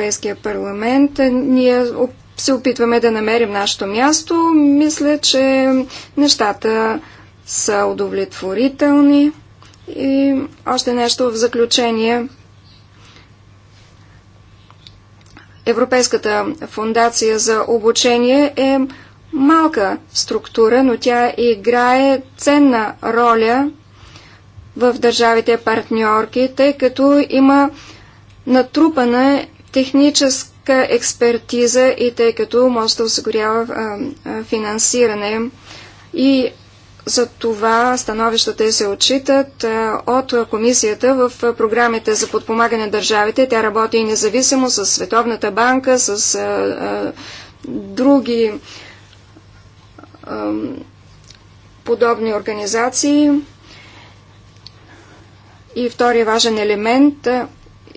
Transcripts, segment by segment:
Европейския парламент. Ние се опитваме да намерим нашето място. Мисля, че нещата са удовлетворителни. И още нещо в заключение. Европейската фундация за обучение е малка структура, но тя играе ценна роля в държавите партньорки, тъй като има натрупана техническа експертиза и тъй като може да осигурява а, а, финансиране и за това становищата се отчитат от комисията в програмите за подпомагане на държавите. Тя работи и независимо с Световната банка, с а, а, други а, подобни организации. И втория важен елемент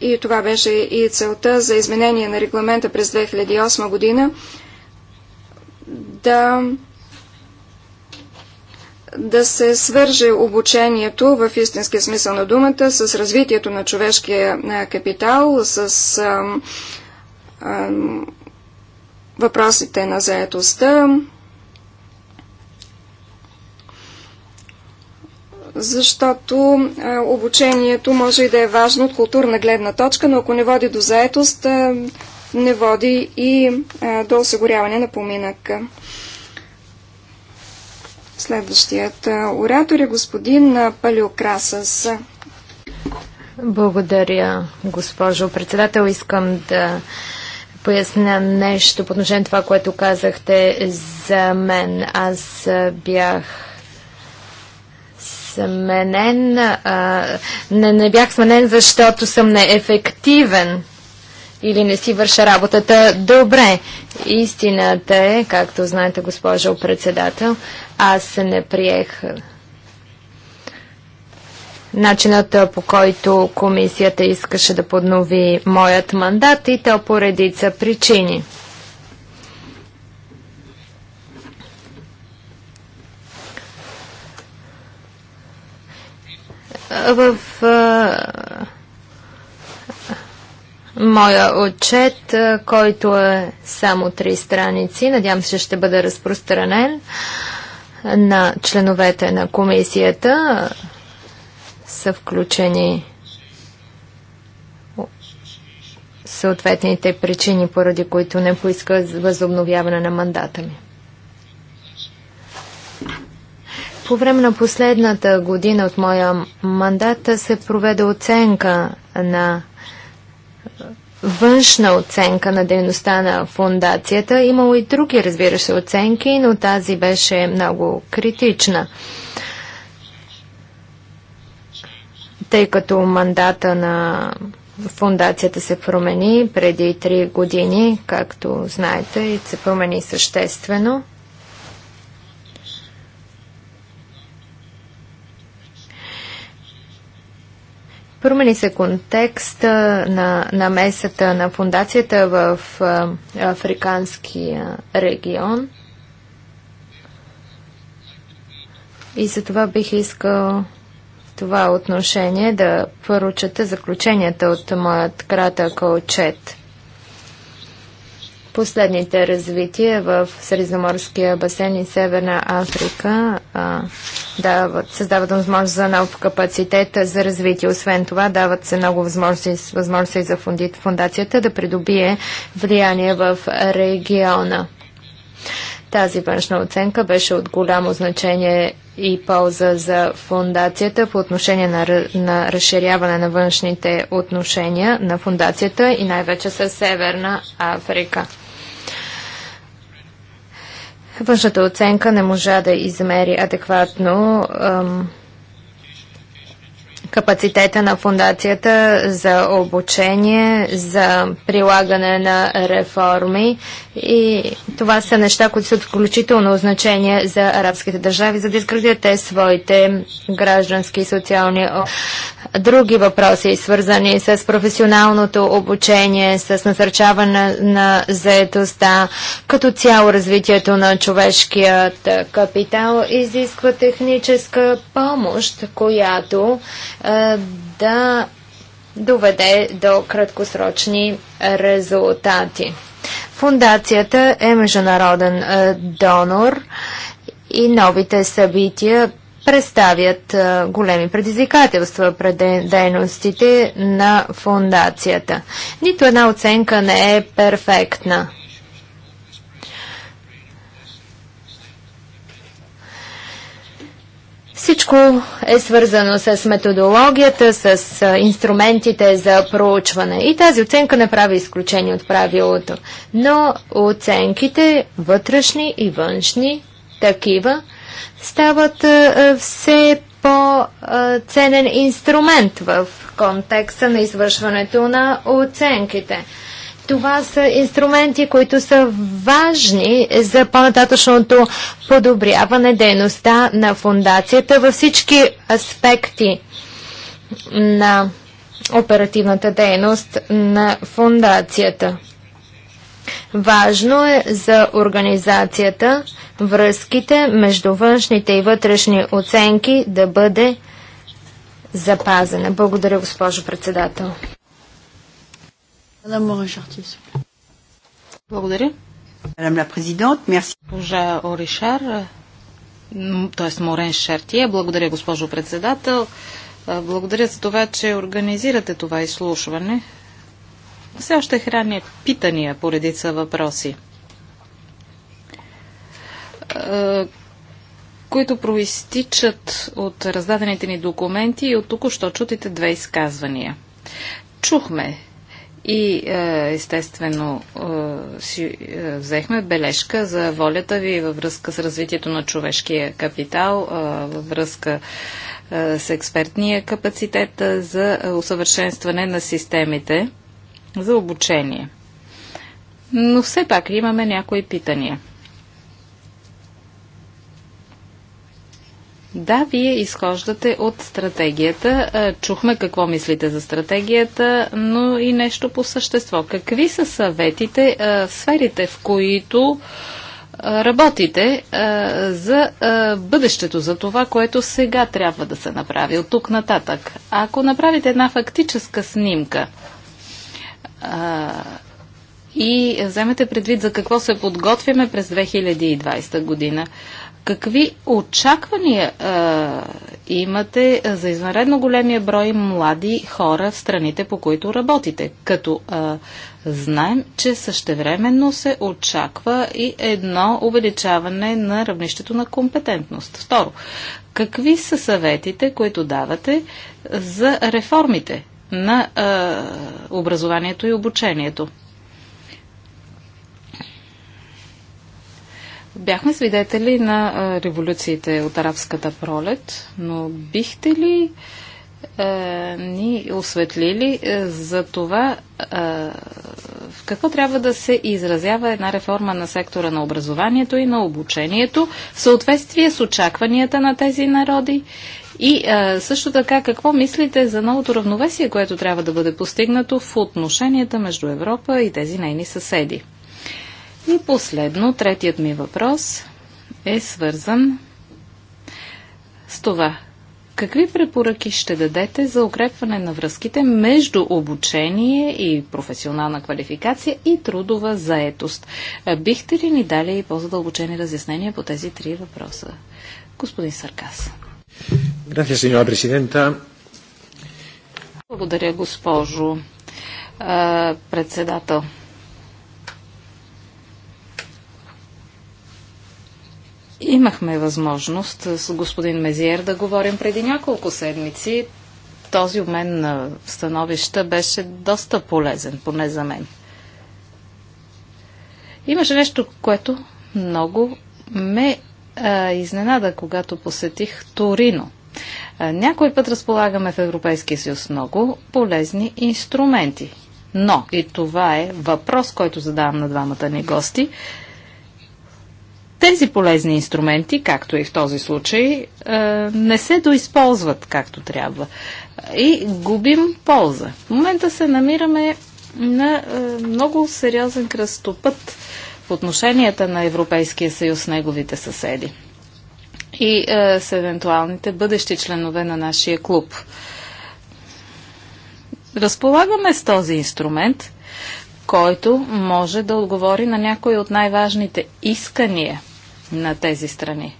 и това беше и целта за изменение на регламента през 2008 година, да, да се свърже обучението в истинския смисъл на думата с развитието на човешкия капитал, с а, а, въпросите на заетостта, защото обучението може и да е важно от културна гледна точка, но ако не води до заетост, не води и до осигуряване на поминък. Следващият оратор е господин Палиокрасас. Благодаря, госпожо председател. Искам да поясня нещо по отношение на това, което казахте за мен. Аз бях сменен. А, не, не бях сменен, защото съм неефективен или не си върша работата добре. Истината е, както знаете, госпожо председател, аз се не приех начинът по който комисията искаше да поднови моят мандат и то по редица причини. В моя отчет, който е само три страници. Надявам се, ще бъде разпространен на членовете на комисията. Са включени съответните причини, поради които не поиска възобновяване на мандата ми. По време на последната година от моя мандат се проведе оценка на външна оценка на дейността на фундацията. Имало и други, разбира се, оценки, но тази беше много критична. Тъй като мандата на фундацията се промени преди три години, както знаете, и се промени съществено. Промени се контекста на, намесата месата на фундацията в африканския регион. И за това бих искал това отношение да поручата заключенията от моят кратък отчет. Последните развития в Средиземорския басейн и Северна Африка а, дават, създават възможност за нов капацитет за развитие. Освен това, дават се много възможности, възможности за фундацията да придобие влияние в региона. Тази външна оценка беше от голямо значение и полза за фундацията по отношение на, на разширяване на външните отношения на фундацията и най-вече с Северна Африка. Външната оценка не можа да измери адекватно ам, капацитета на фундацията за обучение, за прилагане на реформи и това са неща, които са отключително значение за арабските държави, за да изградят те своите граждански и социални други въпроси, свързани с професионалното обучение, с насърчаване на заетостта, като цяло развитието на човешкият капитал изисква техническа помощ, която да доведе до краткосрочни резултати. Фундацията е международен донор и новите събития представят големи предизвикателства пред дейностите на фундацията. Нито една оценка не е перфектна. Всичко е свързано с методологията, с инструментите за проучване. И тази оценка не прави изключение от правилото. Но оценките, вътрешни и външни, такива, стават все по-ценен инструмент в контекста на извършването на оценките. Това са инструменти, които са важни за по-нататъчното подобряване дейността на фундацията във всички аспекти на оперативната дейност на фундацията. Важно е за организацията връзките между външните и вътрешни оценки да бъде запазена. Благодаря, госпожо председател. Благодаря. Госпожа Оришар, т.е. Морен Шартие, благодаря госпожо председател. Благодаря за това, че организирате това изслушване. Все още храня питания по редица въпроси, които проистичат от раздадените ни документи и от тук що чутите две изказвания. Чухме и е, естествено е, си е, взехме бележка за волята ви във връзка с развитието на човешкия капитал, във връзка с експертния капацитет за усъвършенстване на системите за обучение. Но все пак имаме някои питания. Да, вие изхождате от стратегията. Е, чухме какво мислите за стратегията, но и нещо по същество. Какви са съветите, е, сферите, в които е, работите за бъдещето, за това, което сега трябва да се направи от тук нататък? Ако направите една фактическа снимка, и вземете предвид за какво се подготвяме през 2020 година. Какви очаквания а, имате за извънредно големия брой млади хора в страните, по които работите? Като а, знаем, че същевременно се очаква и едно увеличаване на равнището на компетентност. Второ, какви са съветите, които давате за реформите на а, образованието и обучението? Бяхме свидетели на а, революциите от арабската пролет, но бихте ли а, ни осветлили а, за това в какво трябва да се изразява една реформа на сектора на образованието и на обучението в съответствие с очакванията на тези народи и а, също така, какво мислите за новото равновесие, което трябва да бъде постигнато в отношенията между Европа и тези нейни съседи? И последно, третият ми въпрос е свързан с това. Какви препоръки ще дадете за укрепване на връзките между обучение и професионална квалификация и трудова заетост? Бихте ли ни дали по-задълбочени разяснения по тези три въпроса? Господин Саркас. Благодаря, госпожо председател. Имахме възможност с господин Мезиер да говорим преди няколко седмици. Този обмен на становища беше доста полезен, поне за мен. Имаше нещо, което много ме а, изненада, когато посетих Торино. А, някой път разполагаме в Европейския съюз много полезни инструменти. Но, и това е въпрос, който задавам на двамата ни гости, тези полезни инструменти, както и в този случай, е, не се доизползват както трябва и губим полза. В момента се намираме на е, много сериозен кръстопът в отношенията на Европейския съюз с неговите съседи и е, с евентуалните бъдещи членове на нашия клуб. Разполагаме с този инструмент, който може да отговори на някои от най-важните искания на тези страни.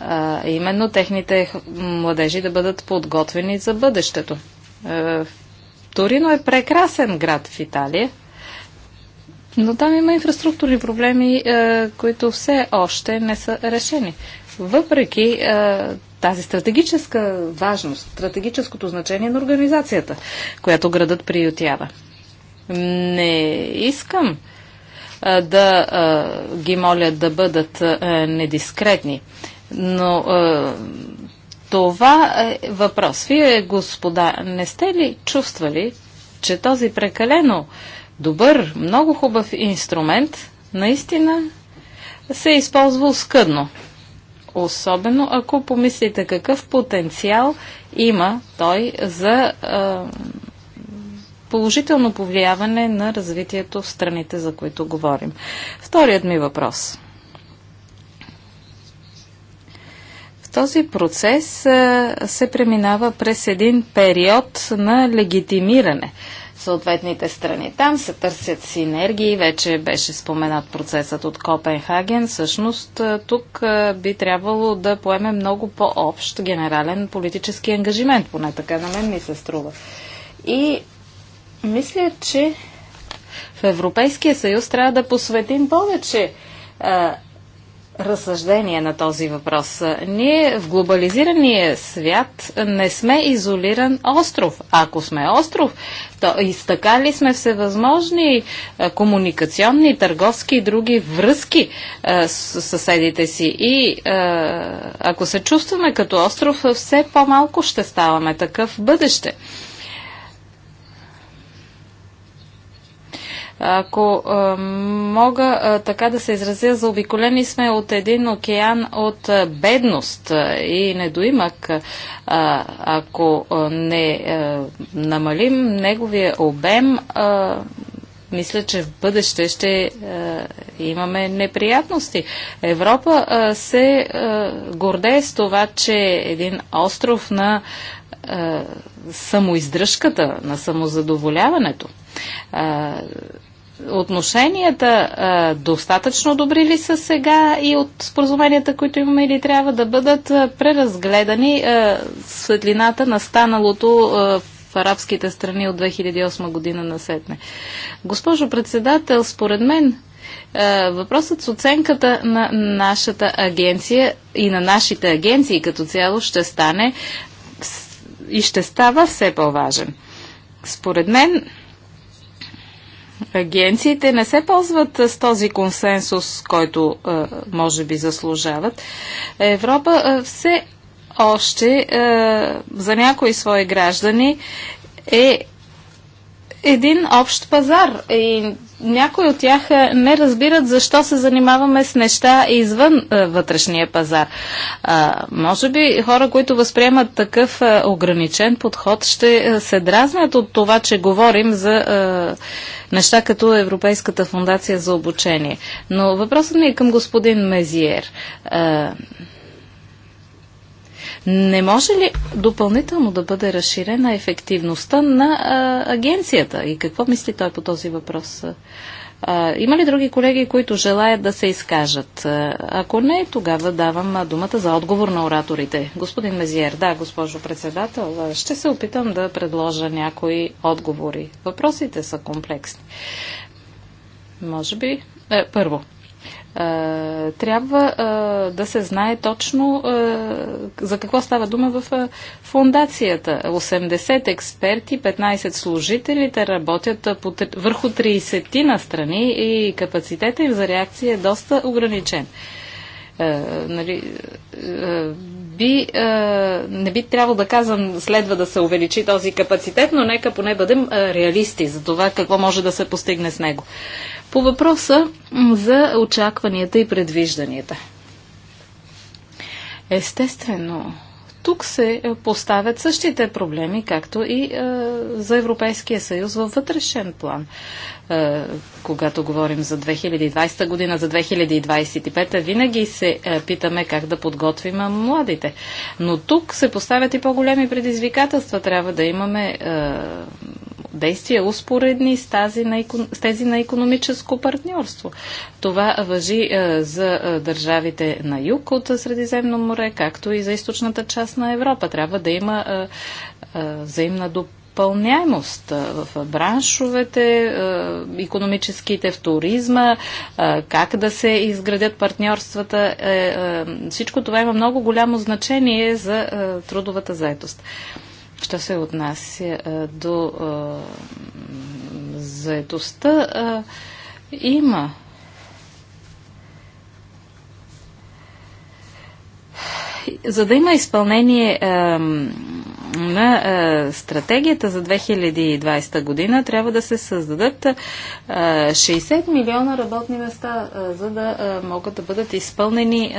А, именно техните младежи да бъдат подготвени за бъдещето. А, Торино е прекрасен град в Италия, но там има инфраструктурни проблеми, а, които все още не са решени. Въпреки а, тази стратегическа важност, стратегическото значение на организацията, която градът приютява. Не искам а, да а, ги моля да бъдат а, недискретни, но това е въпрос. Вие, господа, не сте ли чувствали, че този прекалено добър, много хубав инструмент наистина се е използвал скъдно? Особено ако помислите какъв потенциал има той за а, положително повлияване на развитието в страните, за които говорим. Вторият ми въпрос. В този процес се преминава през един период на легитимиране съответните страни. Там се търсят синергии, вече беше споменат процесът от Копенхаген. Всъщност тук би трябвало да поеме много по-общ генерален политически ангажимент, поне така на мен ми се струва. И мисля, че в Европейския съюз трябва да посветим повече а, разсъждение на този въпрос. Ние в глобализирания свят не сме изолиран остров. Ако сме остров, то изтъкали сме всевъзможни а, комуникационни, търговски и други връзки а, с съседите си. И а, ако се чувстваме като остров, все по-малко ще ставаме такъв бъдеще. Ако а, е, мога а, е, така да се изразя, заобиколени сме от един океан от а, е, бедност а, и недоимък. А, ако а, не а, намалим неговия обем, а, мисля, че в бъдеще ще е, имаме неприятности. Европа е, се е, гордее с това, че е един остров на е, самоиздръжката, на самозадоволяването. Е, отношенията а, достатъчно добри ли са сега и от споразуменията, които имаме или трябва да бъдат а, преразгледани а, светлината на станалото а, в арабските страни от 2008 година на сетне. Госпожо председател, според мен въпросът с оценката на нашата агенция и на нашите агенции като цяло ще стане и ще става все по-важен. Според мен агенциите не се ползват с този консенсус, който може би заслужават. Европа все още за някои свои граждани е един общ пазар. И някои от тях е, не разбират защо се занимаваме с неща извън а, е, вътрешния пазар. А, може би хора, които възприемат такъв а, е, ограничен подход, ще се дразнят от това, че говорим за неща като Европейската фундация за обучение. Но въпросът ми е към господин Мезиер. Не може ли допълнително да бъде разширена ефективността на а, агенцията? И какво мисли той по този въпрос? А, има ли други колеги, които желаят да се изкажат? Ако не, тогава давам думата за отговор на ораторите. Господин Мезиер, да, госпожо председател, ще се опитам да предложа някои отговори. Въпросите са комплексни. Може би. Е, първо, е, трябва е, да се знае точно е, за какво става дума в фундацията. 80 експерти, 15 служителите работят върху 30 на страни и капацитета им за реакция е доста ограничен. Нали, би, е, не би трябвало да казвам следва да се увеличи този капацитет, но нека поне бъдем е, реалисти за това какво може да се постигне с него. По въпроса за очакванията и предвижданията. Естествено, тук се е, поставят същите проблеми, както и е, за Европейския съюз във вътрешен план. Е, когато говорим за 2020 година, за 2025, винаги се е, питаме как да подготвим младите. Но тук се поставят и по-големи предизвикателства. Трябва да имаме е, действия успоредни с, тази на, с тези на економическо партньорство. Това въжи е, за е, държавите на юг от Средиземно море, както и за източната част на Европа. Трябва да има е, е, взаимна допълнение изпълняемост в браншовете, економическите, в туризма, как да се изградят партньорствата. Е, е, всичко това има много голямо значение за трудовата заетост. Що се отнася до заетостта. има за да има изпълнение на е, стратегията за 2020 година трябва да се създадат 60 е, милиона работни места, е, за да могат да бъдат изпълнени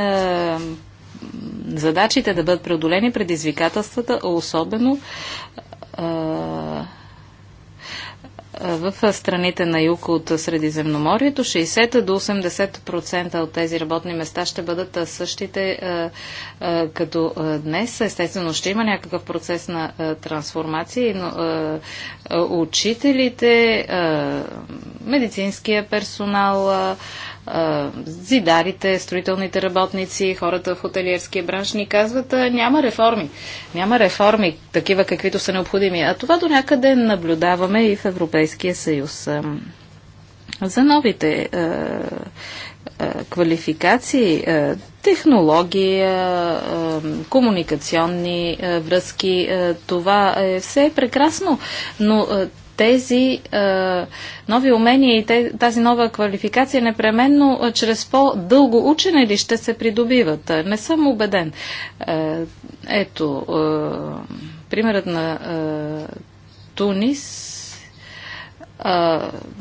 задачите, да бъдат преодолени предизвикателствата, особено в страните на юг от Средиземноморието 60 до 80% от тези работни места ще бъдат същите като днес. Естествено ще има някакъв процес на трансформация, но учителите, медицинския персонал, зидарите, строителните работници, хората в хотелиерския бранш ни казват, няма реформи. Няма реформи, такива каквито са необходими. А това до някъде наблюдаваме и в Европейския съюз. За новите а, а, квалификации, а, технологии, комуникационни връзки, това е все прекрасно, но тези а, е, нови умения и тази нова квалификация непременно а, е, чрез по-дълго учене ли ще се придобиват? Е, не съм убеден. А, ето, а, примерът на а, Тунис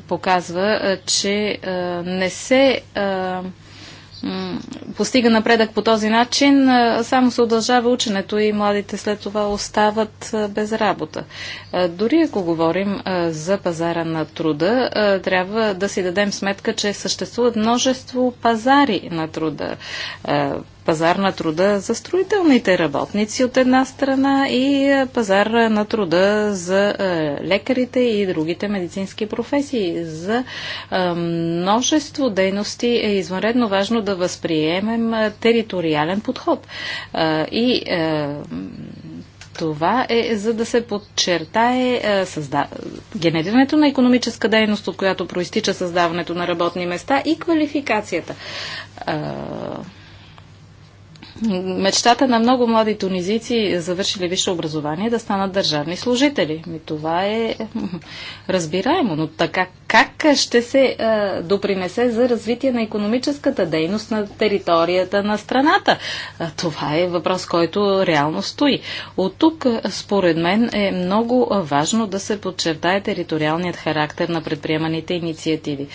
показва, че не се постига напредък по този начин, само се удължава ученето и младите след това остават без работа. Дори ако говорим за пазара на труда, трябва да си дадем сметка, че съществуват множество пазари на труда пазар на труда за строителните работници от една страна и е, пазар на труда за е, лекарите и другите медицински професии. За е, множество дейности е извънредно важно да възприемем териториален подход. И това е за да се подчертае е, създа... генерирането на економическа дейност, от която проистича създаването на работни места и квалификацията мечтата на много млади тунизийци завършили висше образование, да станат държавни служители. И това е разбираемо, но така как ще се а, допринесе за развитие на економическата дейност на територията на страната? А, това е въпрос, който реално стои. От тук, според мен, е много важно да се подчертае териториалният характер на предприеманите инициативи.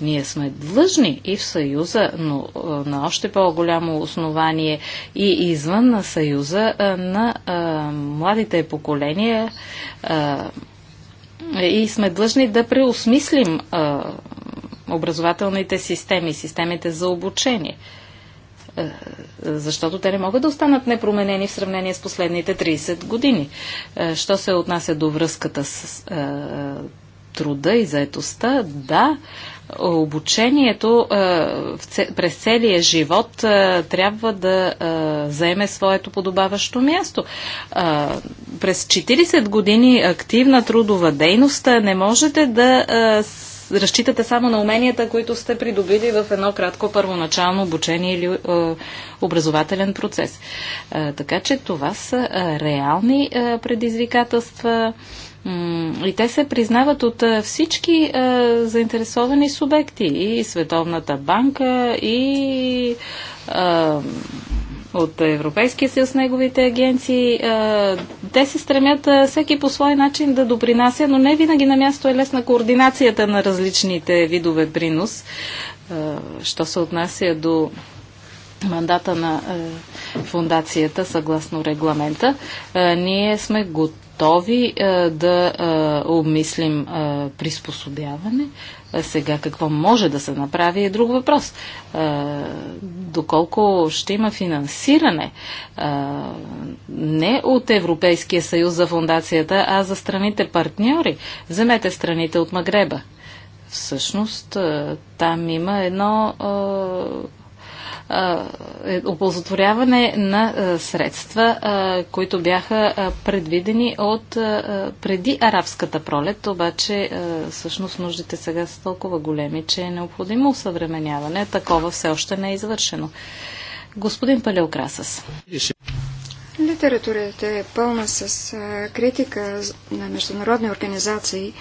Ние сме длъжни и в Съюза, но а, на още по-голямо основание – и извън на Съюза на младите поколения и сме длъжни да преосмислим образователните системи, системите за обучение защото те не могат да останат непроменени в сравнение с последните 30 години. Що се отнася до връзката с е, труда и заетостта, да, Обучението е, през целия живот е, трябва да е, заеме своето подобаващо място. През 40 години активна трудова дейност не можете да разчитате само на уменията, които сте придобили в едно кратко първоначално обучение или образователен процес. така че това са реални предизвикателства. И те се признават от всички заинтересовани субекти. И Световната банка, и от Европейския съюз неговите агенции. те се стремят всеки по свой начин да допринася, но не винаги на място е лесна координацията на различните видове принос. Е, що се отнася до мандата на фундацията съгласно регламента, ние сме готови готови е, да е, обмислим е, приспособяване. Сега какво може да се направи е друг въпрос. Доколко ще има финансиране не от Европейския съюз за фундацията, а за страните партньори. Вземете страните от Магреба. Всъщност там има едно е оползотворяване на средства, които бяха предвидени от преди арабската пролет, обаче всъщност нуждите сега са толкова големи, че е необходимо усъвременяване. Такова все още не е извършено. Господин Палеокрасас. Литературата е пълна с критика на международни организации,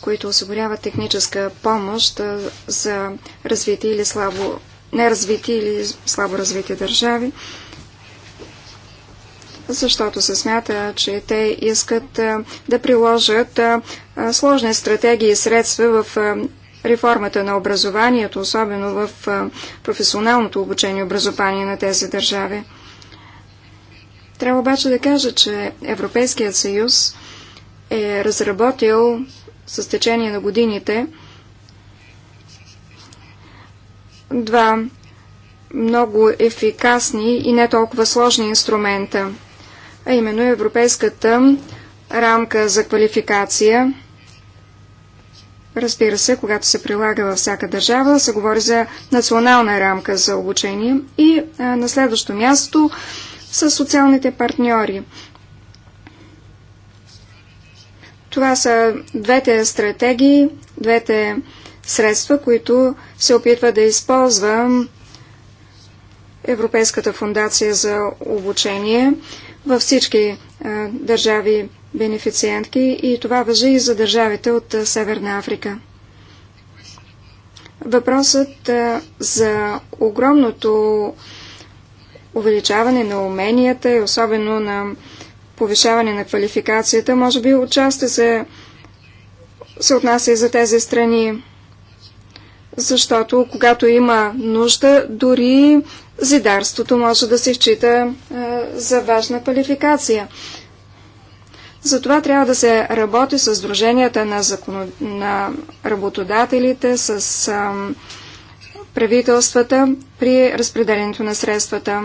които осигуряват техническа помощ за развитие или слабо неразвити или слабо развити държави, защото се смята, че те искат да приложат сложни стратегии и средства в реформата на образованието, особено в професионалното обучение и образование на тези държави. Трябва обаче да кажа, че Европейският съюз е разработил с течение на годините два много ефикасни и не толкова сложни инструмента, а именно Европейската рамка за квалификация. Разбира се, когато се прилага във всяка държава, се говори за национална рамка за обучение и на следващо място с социалните партньори. Това са двете стратегии, двете средства, които се опитва да използва Европейската фундация за обучение във всички държави бенефициентки и това въжи и за държавите от Северна Африка. Въпросът за огромното увеличаване на уменията и особено на повишаване на квалификацията, може би отчасти се, се отнася и за тези страни защото когато има нужда, дори зидарството може да се счита е, за важна квалификация. Затова трябва да се работи с друженията на, закон... на работодателите, с е, правителствата при разпределението на средствата.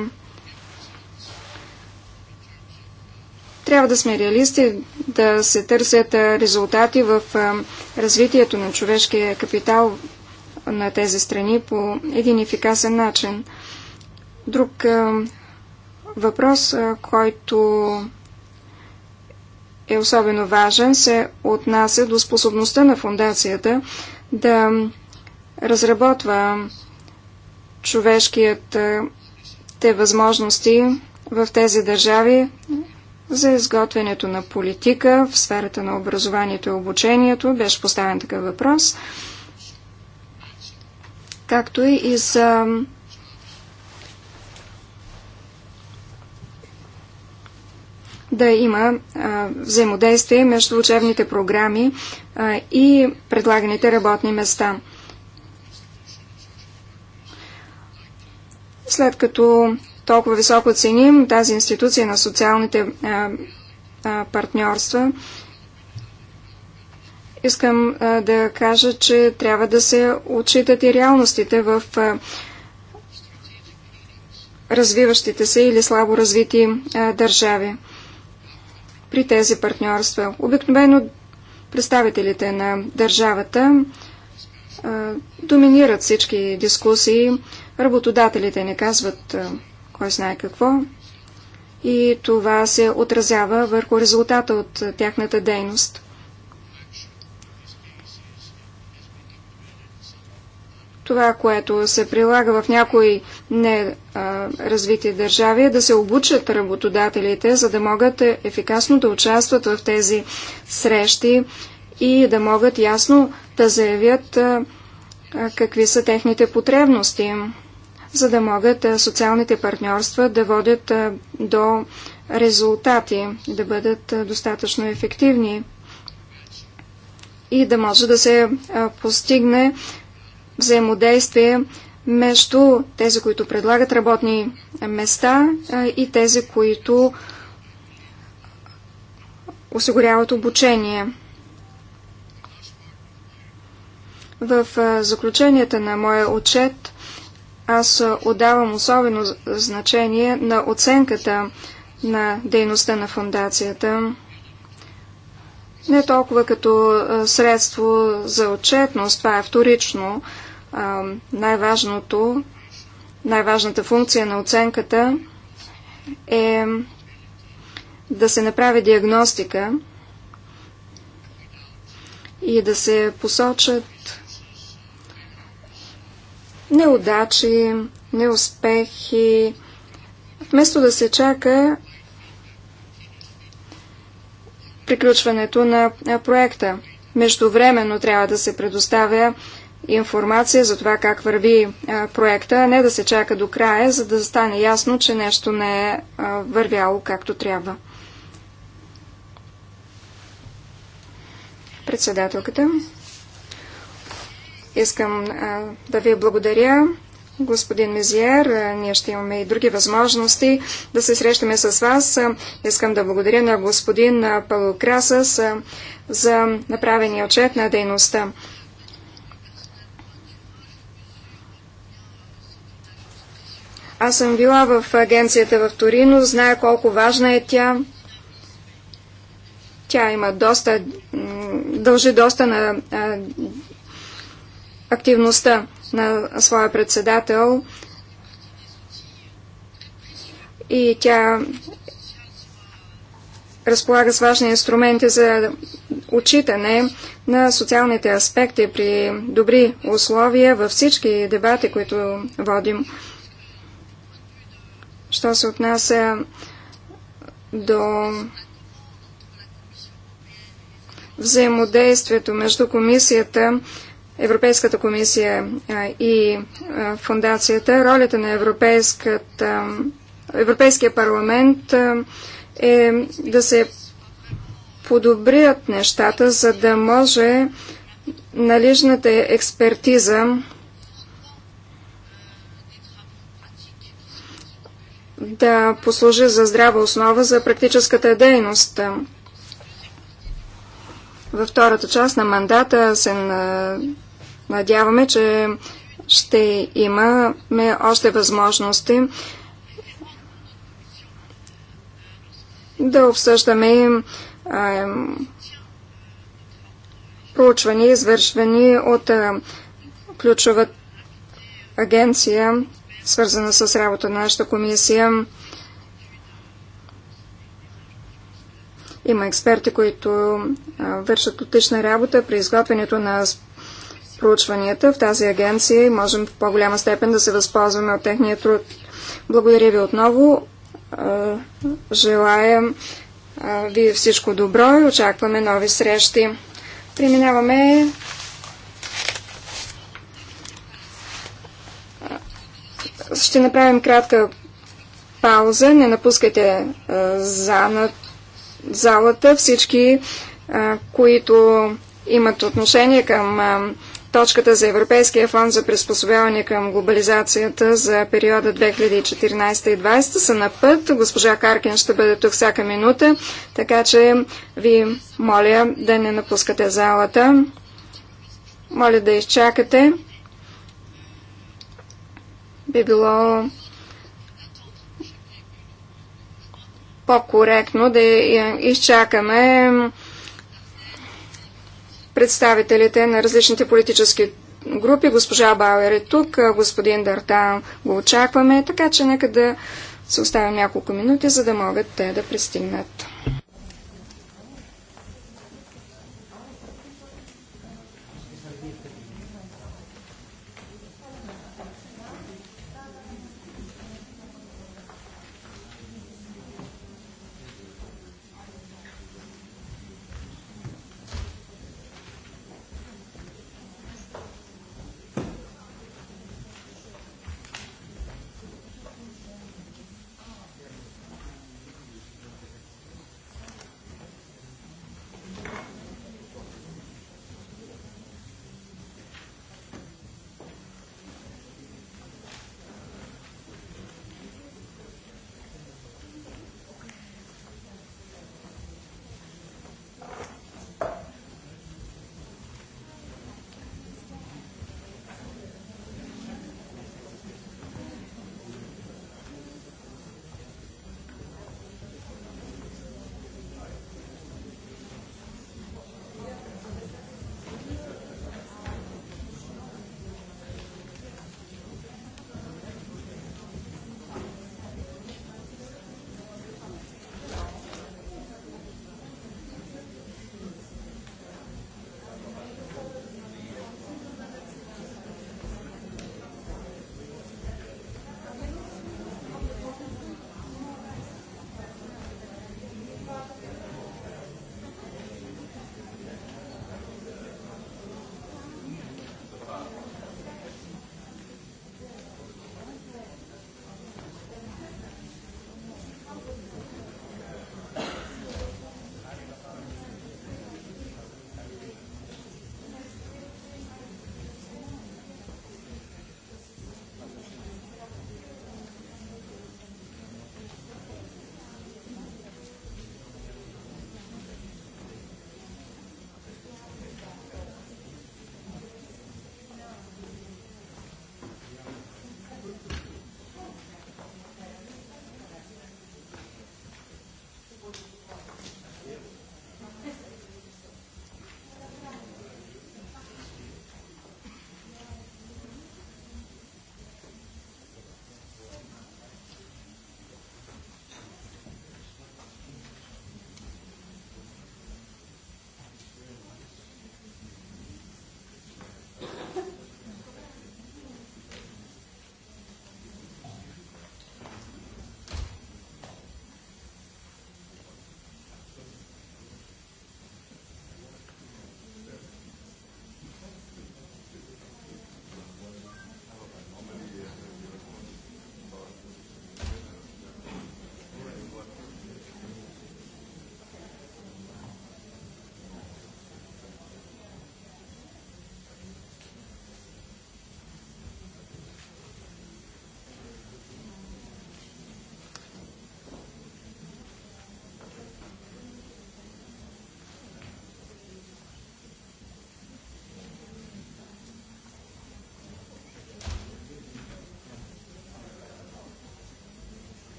Трябва да сме реалисти, да се търсят е, резултати в е, развитието на човешкия капитал на тези страни по един ефикасен начин. Друг е, въпрос, е, който е особено важен, се отнася до способността на фундацията да разработва човешкият е, те възможности в тези държави за изготвянето на политика в сферата на образованието и обучението. Беше поставен такъв въпрос както и за да има а, взаимодействие между учебните програми а, и предлаганите работни места. След като толкова високо ценим тази институция на социалните а, партньорства, Искам да кажа, че трябва да се отчитат и реалностите в развиващите се или слабо развити държави при тези партньорства. Обикновено представителите на държавата доминират всички дискусии. Работодателите не казват кой знае какво. И това се отразява върху резултата от тяхната дейност. Това, което се прилага в някои неразвити държави е да се обучат работодателите, за да могат ефикасно да участват в тези срещи и да могат ясно да заявят какви са техните потребности, за да могат социалните партньорства да водят до резултати, да бъдат достатъчно ефективни и да може да се постигне взаимодействие между тези, които предлагат работни места и тези, които осигуряват обучение. В заключенията на моя отчет аз отдавам особено значение на оценката на дейността на фундацията. Не толкова като средство за отчетност, това е вторично, най-важното, най-важната функция на оценката е да се направи диагностика и да се посочат неудачи, неуспехи, вместо да се чака приключването на проекта. Междувременно трябва да се предоставя информация за това как върви а, е, проекта, а не да се чака до края, за да стане ясно, че нещо не е а, е, вървяло както трябва. Председателката. Искам а, е, да ви благодаря, господин Мезиер. Ние ще имаме и други възможности да се срещаме с вас. Искам да благодаря на господин Павел Красас за направения отчет на дейността. Аз съм била в агенцията в Торино, зная колко важна е тя. Тя има доста, дължи доста на а, активността на своя председател и тя разполага с важни инструменти за отчитане на социалните аспекти при добри условия във всички дебати, които водим. Що се отнася до взаимодействието между комисията, Европейската комисия и фундацията, ролята на Европейската, Европейския парламент е да се подобрят нещата, за да може наличната експертиза да послужи за здрава основа за практическата дейност. Във втората част на мандата се надяваме, че ще имаме още възможности да обсъждаме а, проучвания, извършвани от ключовата ключова агенция свързана с работа на нашата комисия. Има експерти, които вършат отлична работа при изготвянето на проучванията в тази агенция и можем в по-голяма степен да се възползваме от техния труд. Благодаря ви отново. Желая ви всичко добро и очакваме нови срещи. Преминаваме Ще направим кратка пауза. Не напускайте за, залата. Всички, които имат отношение към точката за Европейския фонд за приспособяване към глобализацията за периода 2014 и 2020 са на път. Госпожа Каркин ще бъде тук всяка минута, така че ви моля да не напускате залата. Моля да изчакате би било по-коректно да изчакаме представителите на различните политически групи. Госпожа Бауер е тук, господин Дартан го очакваме, така че нека да се оставим няколко минути, за да могат те да пристигнат.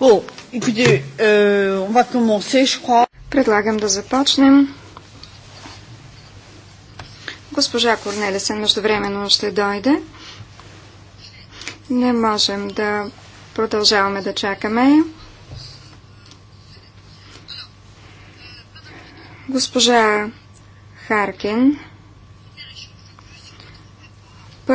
Euh, Предлагам да започнем. Госпожа Корнелисен междувременно ще дойде. Не можем да продължаваме да чакаме. Госпожа Харкин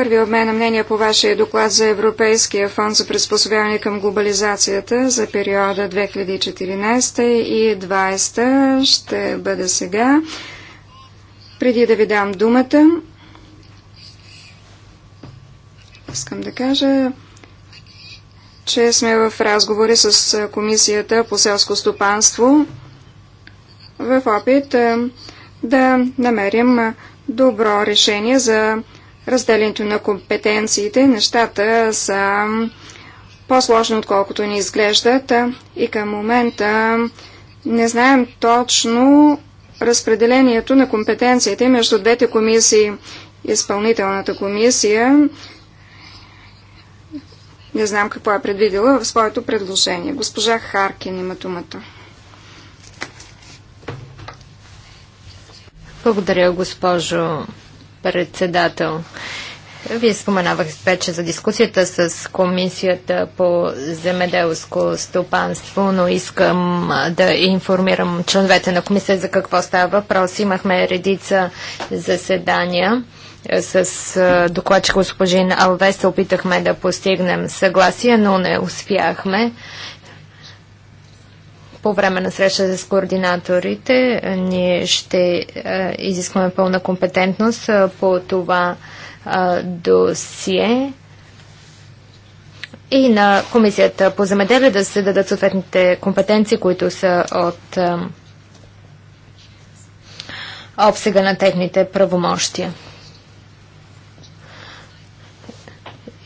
първи обмен на мнение по вашия доклад за Европейския фонд за приспособяване към глобализацията за периода 2014 и 2020 ще бъде сега. Преди да ви дам думата, искам да кажа, че сме в разговори с Комисията по селско стопанство в опит да намерим добро решение за разделянето на компетенциите. Нещата са по-сложни, отколкото ни изглеждат и към момента не знаем точно разпределението на компетенциите между двете комисии. Изпълнителната комисия не знам какво е предвидела в своето предложение. Госпожа Харкин има думата. Благодаря, госпожо председател. Вие споменавах вече за дискусията с Комисията по земеделско стопанство, но искам да информирам членовете на комисия за какво става въпрос. Имахме редица заседания с докладчик господин Алвес. Опитахме да постигнем съгласие, но не успяхме. По време на среща с координаторите е, ние ще е, изискваме пълна компетентност е, по това досие и на Комисията по замеделие да се дадат съответните компетенции, които са от обсега на техните правомощия.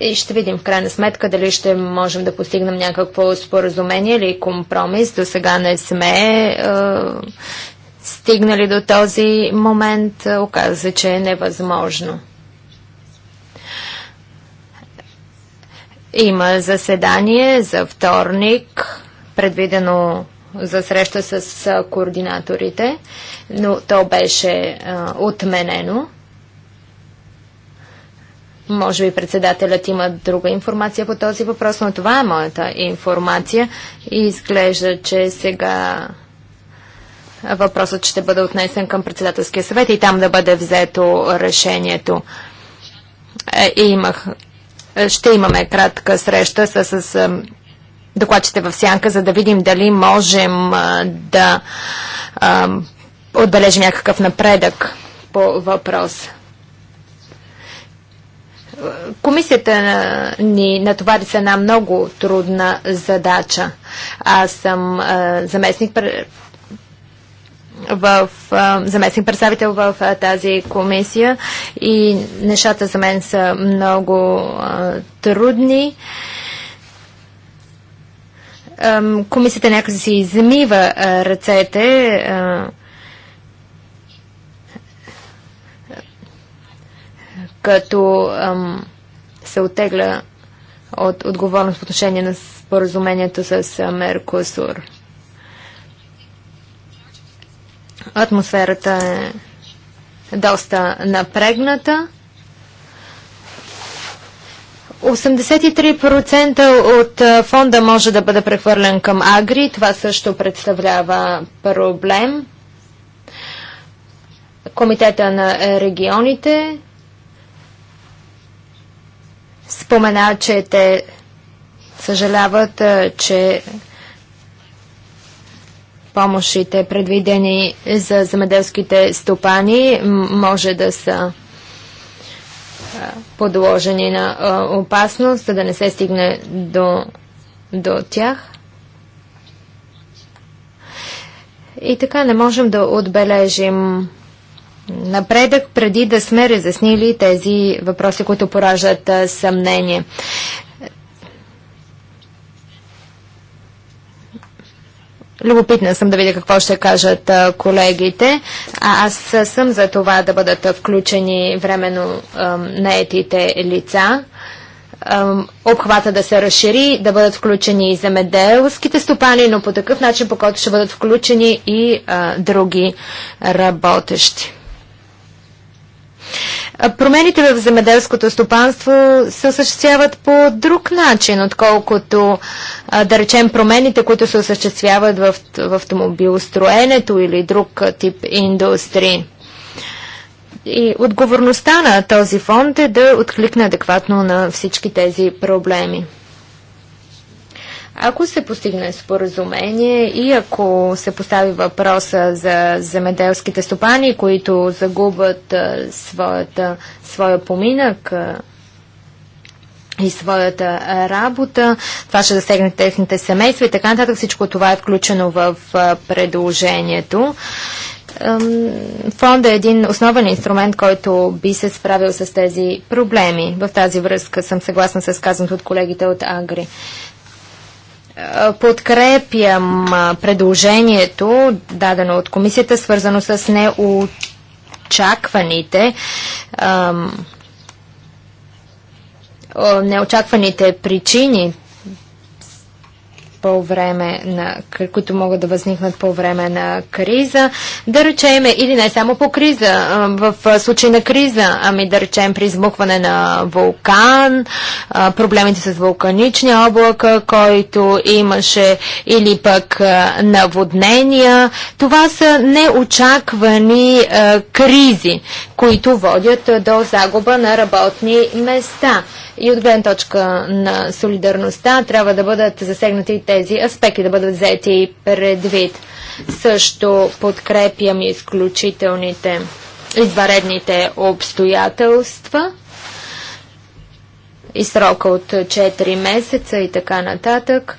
И ще видим в крайна сметка дали ще можем да постигнем някакво споразумение или компромис. До сега не сме е, стигнали до този момент. Е, оказа се, че е невъзможно. Има заседание за вторник, предвидено за среща с е, координаторите, но то беше е, отменено. Може би председателят има друга информация по този въпрос, но това е моята информация и изглежда, че сега въпросът ще бъде отнесен към председателския съвет и там да бъде взето решението. Е, и имах, е, ще имаме кратка среща с, с, с докладчите в сянка, за да видим дали можем да а, отбележим някакъв напредък по въпроса. Комисията ни натовари с една много трудна задача. Аз съм а, заместник в а, заместник представител в а, тази комисия и нещата за мен са много а, трудни. А, комисията някакси си измива а, ръцете. А, като ам, се отегля от отговорност по отношение на споразумението с Меркосур. Атмосферата е доста напрегната. 83% от фонда може да бъде прехвърлен към Агри. Това също представлява проблем. Комитета на регионите спомена, че те съжаляват, че помощите, предвидени за земеделските стопани, може да са подложени на опасност, за да не се стигне до, до тях. И така не можем да отбележим напредък, преди да сме разяснили тези въпроси, които поражат съмнение. Любопитна съм да видя какво ще кажат колегите. А, аз съм за това да бъдат включени временно наетите лица. обхвата да се разшири, да бъдат включени и земеделските стопани, но по такъв начин, по който ще бъдат включени и а, други работещи. Промените в земеделското стопанство се осъществяват по друг начин, отколкото, да речем, промените, които се осъществяват в, в автомобилостроенето или друг тип индустрии. И отговорността на този фонд е да откликне адекватно на всички тези проблеми. Ако се постигне споразумение и ако се постави въпроса за земеделските стопани, които загубят а, своята, своя поминък а, и своята работа, това ще засегне техните семейства и така нататък. Всичко това е включено в предложението. Фонда е един основен инструмент, който би се справил с тези проблеми. В тази връзка съм съгласна с казаното от колегите от Агри подкрепям предложението, дадено от комисията, свързано с неочакваните неочакваните причини, по време на, които могат да възникнат по време на криза. Да речем, или не само по криза, в случай на криза, ами да речем при избухване на вулкан, проблемите с вулканичния облак, който имаше, или пък наводнения. Това са неочаквани кризи, които водят до загуба на работни места. И от гледна точка на солидарността трябва да бъдат засегнати тези аспекти да бъдат взети предвид. Също подкрепям изключителните изваредните обстоятелства и срока от 4 месеца и така нататък,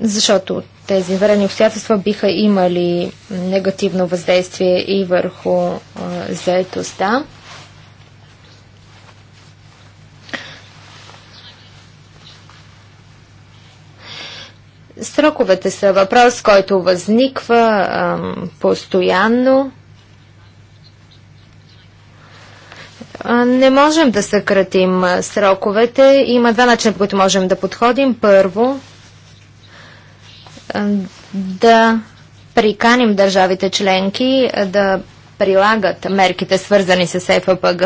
защото тези изваредни обстоятелства биха имали негативно въздействие и върху а, заетостта. Сроковете са въпрос, който възниква ам, постоянно. Не можем да съкратим сроковете. Има два начина, по които можем да подходим. Първо, да приканим държавите членки да прилагат мерките свързани с е ФПГ.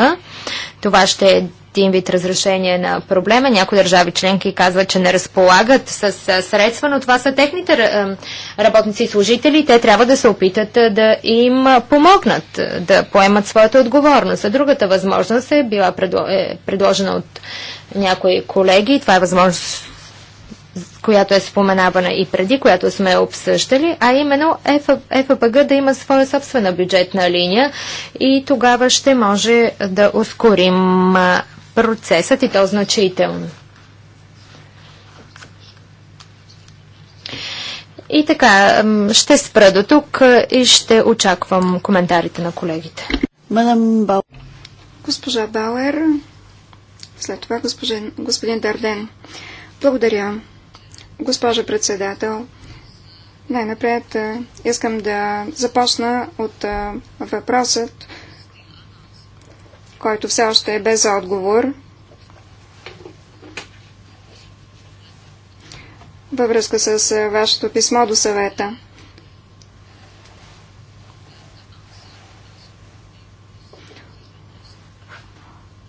Това ще е един вид разрешение на проблема. Някои държави членки казват, че не разполагат с средства, но това са техните работници и служители. Те трябва да се опитат да им помогнат да поемат своята отговорност. А другата възможност е била е предложена от някои колеги. Това е възможност която е споменавана и преди, която сме обсъждали, а именно ФПГ да има своя собствена бюджетна линия и тогава ще може да ускорим процесът и то значително. И така, ще спра до тук и ще очаквам коментарите на колегите. Мадам Бал. Госпожа Бауер, след това господин, господин Дарден. Благодаря. Госпожа председател, най-напред искам да започна от въпросът, който все още е без отговор. Във връзка с вашето писмо до съвета.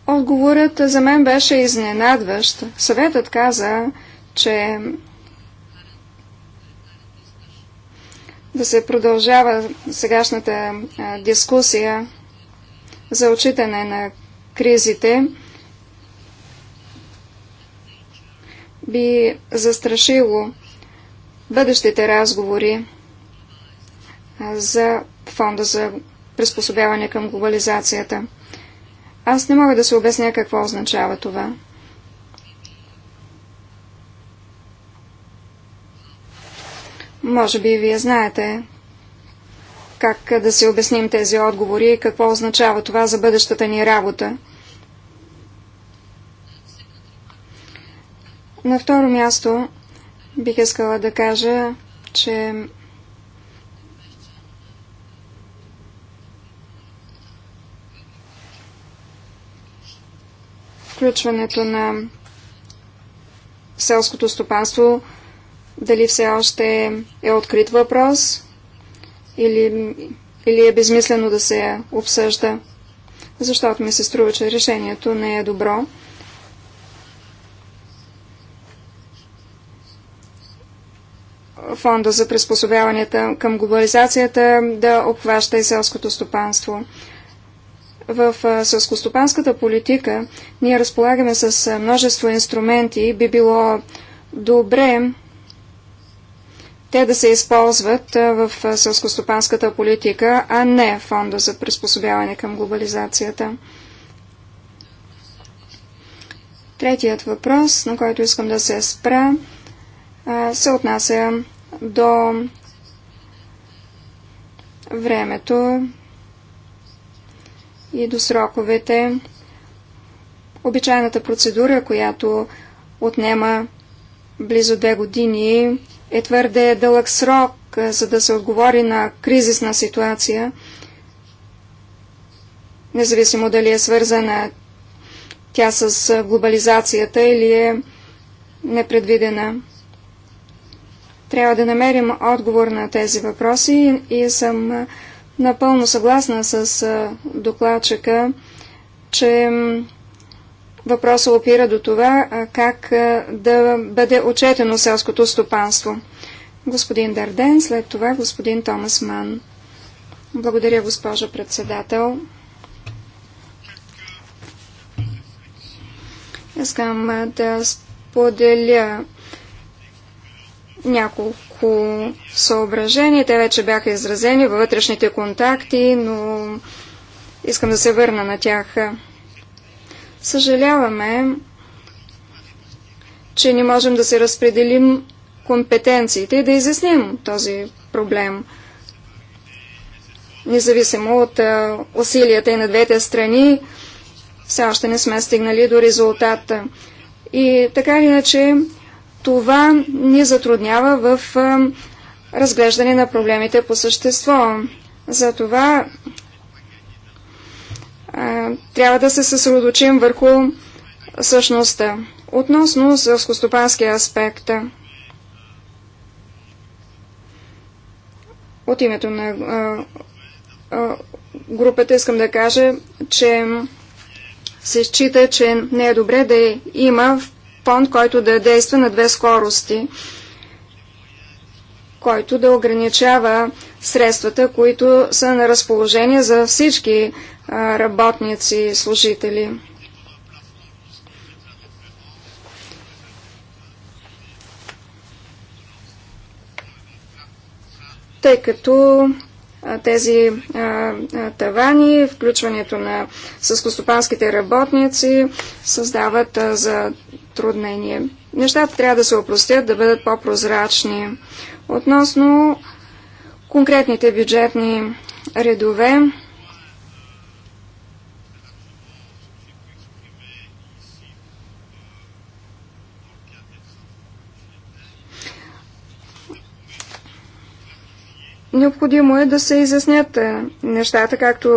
Отговорът за мен беше изненадващ. Съветът каза, че да се продължава сегашната дискусия за отчитане на кризите, би застрашило бъдещите разговори за фонда за приспособяване към глобализацията. Аз не мога да се обясня какво означава това. Може би вие знаете как да си обясним тези отговори и какво означава това за бъдещата ни работа. На второ място бих искала да кажа, че включването на селското стопанство дали все още е открит въпрос или, или е безмислено да се обсъжда, защото ми се струва, че решението не е добро. фонда за приспособяванията към глобализацията да обхваща и селското стопанство. В селскостопанската политика ние разполагаме с множество инструменти. Би било добре те да се използват в сълскостопанската политика, а не фонда за приспособяване към глобализацията. Третият въпрос, на който искам да се спра, се отнася до времето и до сроковете. Обичайната процедура, която отнема близо две години е твърде дълъг срок, е, за да се отговори на кризисна ситуация, независимо дали е свързана тя с е, глобализацията или е непредвидена. Трябва да намерим отговор на тези въпроси и съм е, напълно съгласна с докладчика, че Въпросът опира до това как да бъде отчетено селското стопанство. Господин Дарден, след това господин Томас Ман. Благодаря, госпожо председател. Искам да споделя няколко съображения. Те вече бяха изразени във вътрешните контакти, но искам да се върна на тях. Съжаляваме, че не можем да се разпределим компетенциите и да изясним този проблем. Независимо от е, усилията и на двете страни, все още не сме стигнали до резултата. И така или иначе, това ни затруднява в е, разглеждане на проблемите по същество. Затова трябва да се съсредоточим върху същността. Относно селскостопанския аспект, от името на групата искам да кажа, че се счита, че не е добре да има фонд, който да действа на две скорости – който да ограничава средствата, които са на разположение за всички работници и служители. Тъй като тези а, тавани, включването на съскостопанските работници създават а, затруднение. Нещата трябва да се опростят, да бъдат по-прозрачни. Относно конкретните бюджетни редове, Необходимо е да се изяснят е, нещата, както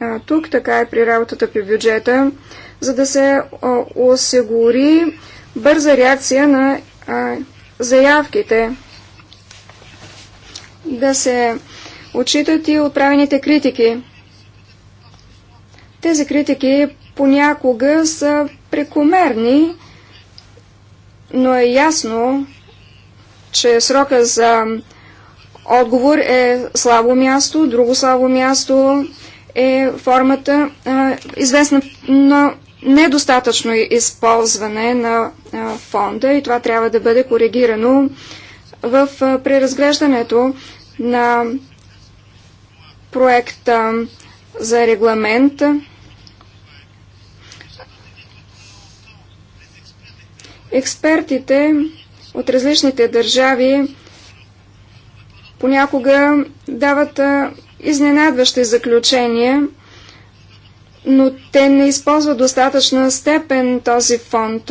е, тук, така и при работата при бюджета, за да се е, осигури бърза реакция на заявките да се отчитат и отправените критики. Тези критики понякога са прекомерни, но е ясно, че срока за отговор е слабо място, друго слабо място е формата, е, известна на недостатъчно използване на е, фонда и това трябва да бъде коригирано в е, преразглеждането на проекта за регламент. Експертите от различните държави понякога дават изненадващи заключения, но те не използват достатъчна степен този фонд.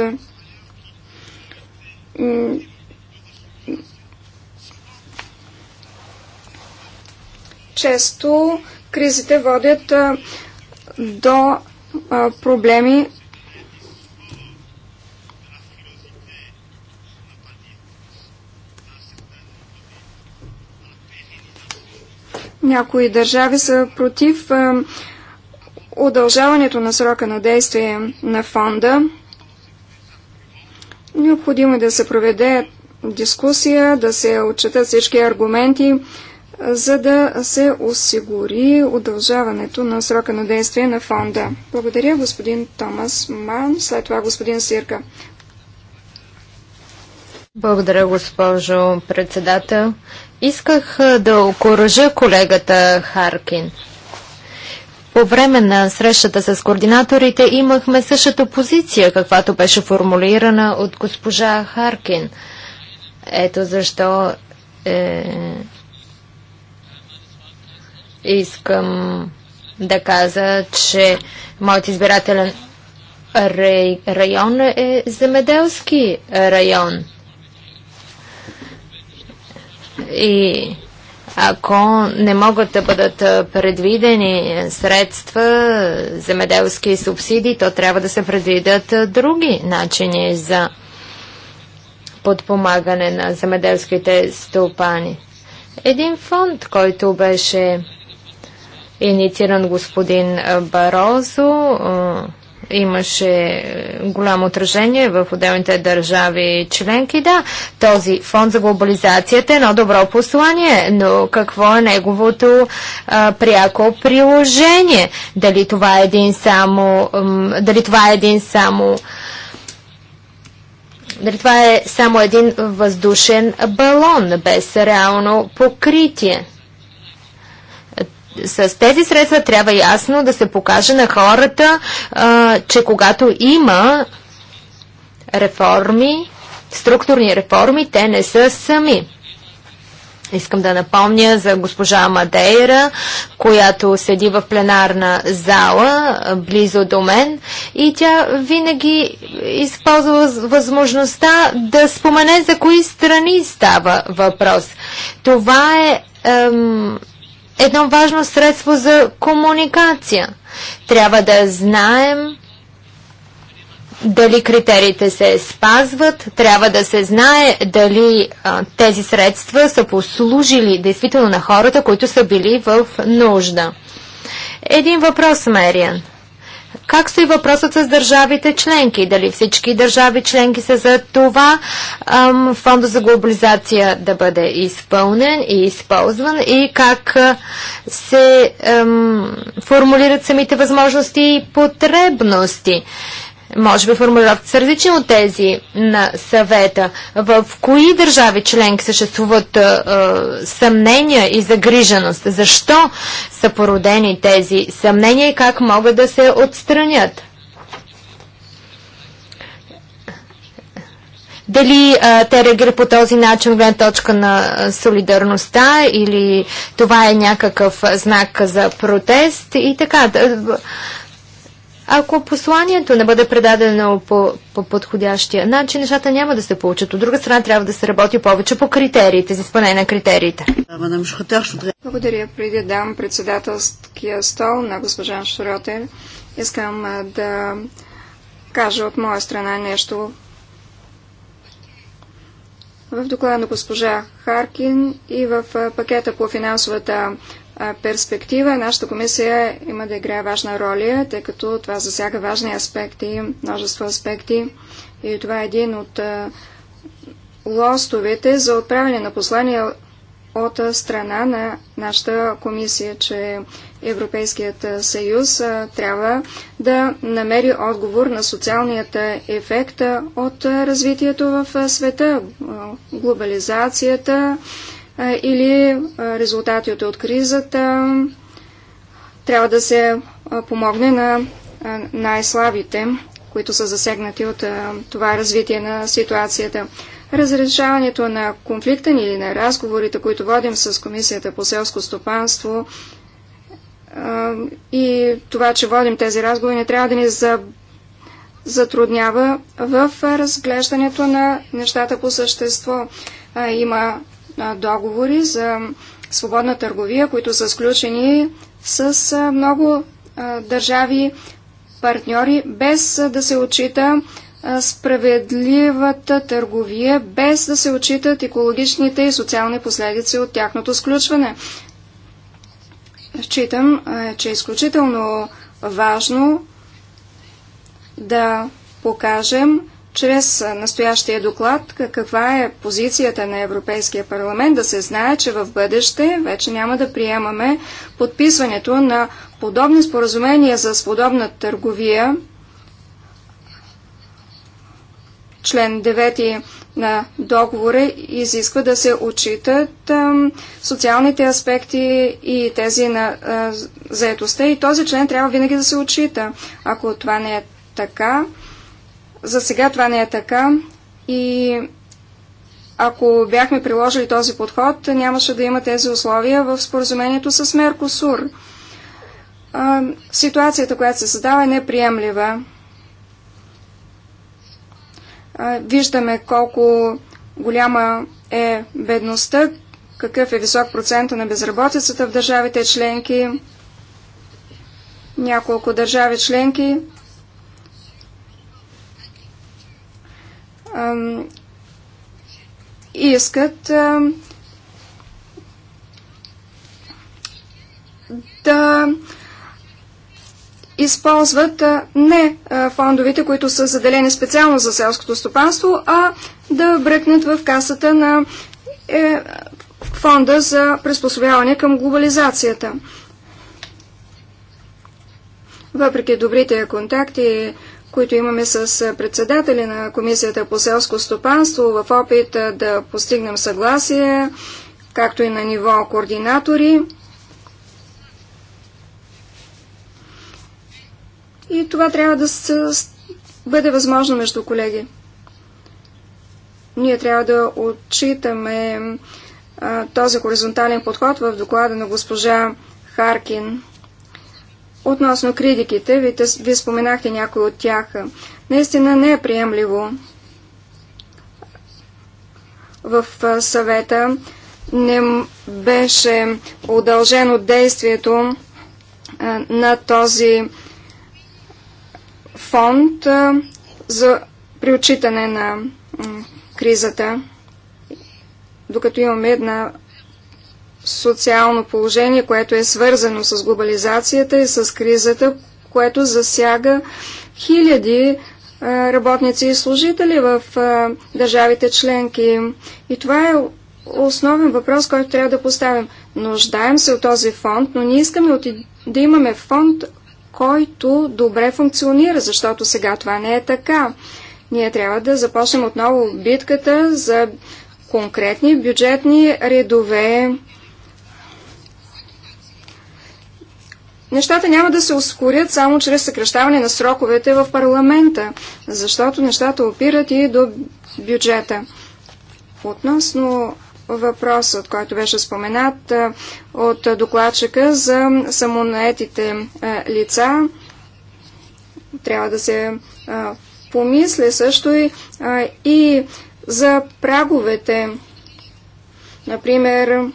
често кризите водят а, до а, проблеми Някои държави са против а, удължаването на срока на действие на фонда. Необходимо е да се проведе дискусия, да се отчетат всички аргументи, за да се осигури удължаването на срока на действие на фонда. Благодаря господин Томас Ман, след това господин Сирка. Благодаря, госпожо председател. Исках да окоръжа колегата Харкин. По време на срещата с координаторите имахме същата позиция, каквато беше формулирана от госпожа Харкин. Ето защо е, искам да кажа, че моят избирателен район е земеделски район. И ако не могат да бъдат предвидени средства, земеделски субсидии, то трябва да се предвидят други начини за подпомагане на земеделските стопани. Един фонд, който беше иницииран господин Барозо. Е, имаше голямо отражение в отделните държави членки. Да, този фонд за глобализацията е едно добро послание, но какво е неговото а, е, пряко приложение? Дали това е един само, дали това е един само дали това е само един въздушен балон без реално покритие? с тези средства трябва ясно да се покаже на хората, че когато има реформи, структурни реформи, те не са сами. Искам да напомня за госпожа Мадейра, която седи в пленарна зала близо до мен и тя винаги използва възможността да спомене за кои страни става въпрос. Това е ем, едно важно средство за комуникация. Трябва да знаем дали критериите се спазват, трябва да се знае дали а, тези средства са послужили действително на хората, които са били в нужда. Един въпрос, Мериан. Как стои въпросът с държавите членки? Дали всички държави членки са за това ам, фонда за глобализация да бъде изпълнен и използван и как се ам, формулират самите възможности и потребности? Може би формулировките са различни от тези на съвета. В кои държави членки съществуват е, съмнения и загриженост? Защо са породени тези съмнения и как могат да се отстранят? Дали а, те реагират по този начин, гледна точка на солидарността или това е някакъв знак за протест и така. Ако посланието не бъде предадено по, по подходящия начин, нещата няма да се получат. От друга страна трябва да се работи повече по критериите, за изпълнение на критериите. Благодаря. Преди дам председателския стол на госпожа Шротер, искам да кажа от моя страна нещо. В доклада на госпожа Харкин и в пакета по финансовата перспектива нашата комисия има да играе важна роля, тъй като това засяга важни аспекти, множество аспекти и това е един от лостовете за отправяне на послания от страна на нашата комисия, че Европейският съюз трябва да намери отговор на социалният ефект от развитието в света, глобализацията, или резултатите от кризата. Трябва да се помогне на най-слабите, които са засегнати от това развитие на ситуацията. Разрешаването на конфликта или на разговорите, които водим с Комисията по селско стопанство и това, че водим тези разговори, не трябва да ни затруднява в разглеждането на нещата по същество. Има договори за свободна търговия, които са сключени с много държави партньори, без да се отчита справедливата търговия, без да се отчитат екологичните и социални последици от тяхното сключване. Считам, че е изключително важно да покажем, чрез настоящия доклад каква е позицията на Европейския парламент, да се знае, че в бъдеще вече няма да приемаме подписването на подобни споразумения за свободна търговия. Член 9 на договора изисква да се отчитат социалните аспекти и тези на заетостта и този член трябва винаги да се отчита. Ако това не е така, за сега това не е така и ако бяхме приложили този подход, нямаше да има тези условия в споразумението с Меркосур. ситуацията, която се създава, е неприемлива. виждаме колко голяма е бедността, какъв е висок процент на безработицата в държавите членки. Няколко държави членки искат да използват не фондовете, които са заделени специално за селското стопанство, а да бръкнат в касата на е, фонда за приспособяване към глобализацията. Въпреки добрите контакти които имаме с председатели на Комисията по селско стопанство в опит да постигнем съгласие, както и на ниво координатори. И това трябва да бъде възможно между колеги. Ние трябва да отчитаме а, този хоризонтален подход в доклада на госпожа Харкин. Относно критиките, ви, ви споменахте някои от тях. Наистина не е приемливо в съвета не беше удължено действието на този фонд за приочитане на кризата, докато имаме една социално положение, което е свързано с глобализацията и с кризата, което засяга хиляди работници и служители в държавите членки. И това е основен въпрос, който трябва да поставим. Нуждаем се от този фонд, но ние искаме да имаме фонд, който добре функционира, защото сега това не е така. Ние трябва да започнем отново битката за конкретни бюджетни редове, нещата няма да се ускорят само чрез съкръщаване на сроковете в парламента, защото нещата опират и до бюджета. Относно въпросът, който беше споменат от докладчика за самонаетите лица, трябва да се помисли също и, и за праговете. Например,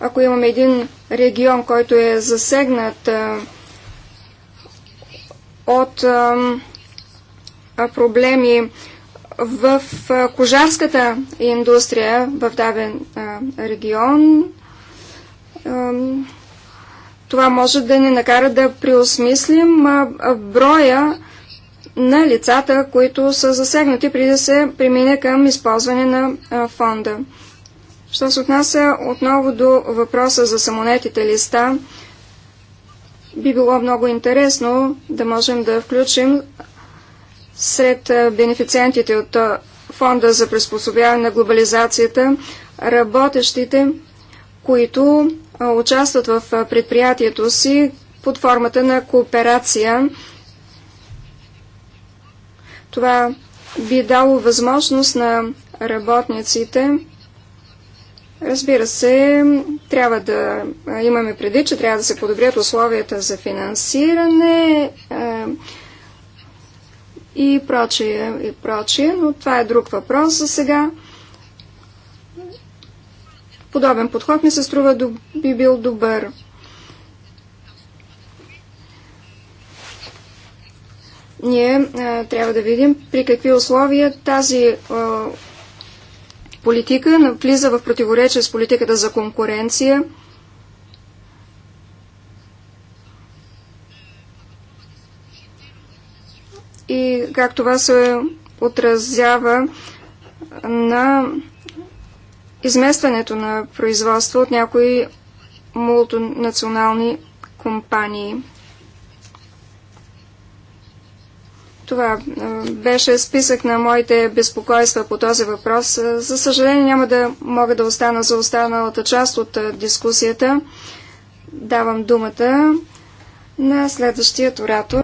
ако имаме един регион, който е засегнат от проблеми в кожарската индустрия в даден регион, това може да ни накара да преосмислим броя на лицата, които са засегнати преди да се премине към използване на фонда. Що се отнася отново до въпроса за самонетите листа, би било много интересно да можем да включим сред бенефициентите от Фонда за приспособяване на глобализацията работещите, които участват в предприятието си под формата на кооперация. Това би дало възможност на работниците Разбира се, трябва да имаме преди, че трябва да се подобрят условията за финансиране и прочие, и прочие, но това е друг въпрос за сега. Подобен подход ми се струва би бил добър. Ние трябва да видим при какви условия тази политика влиза в противоречие с политиката за конкуренция. И как това се отразява на изместването на производство от някои мултонационални компании. Това беше списък на моите безпокойства по този въпрос. За съжаление няма да мога да остана за останалата част от дискусията. Давам думата на следващия оратор.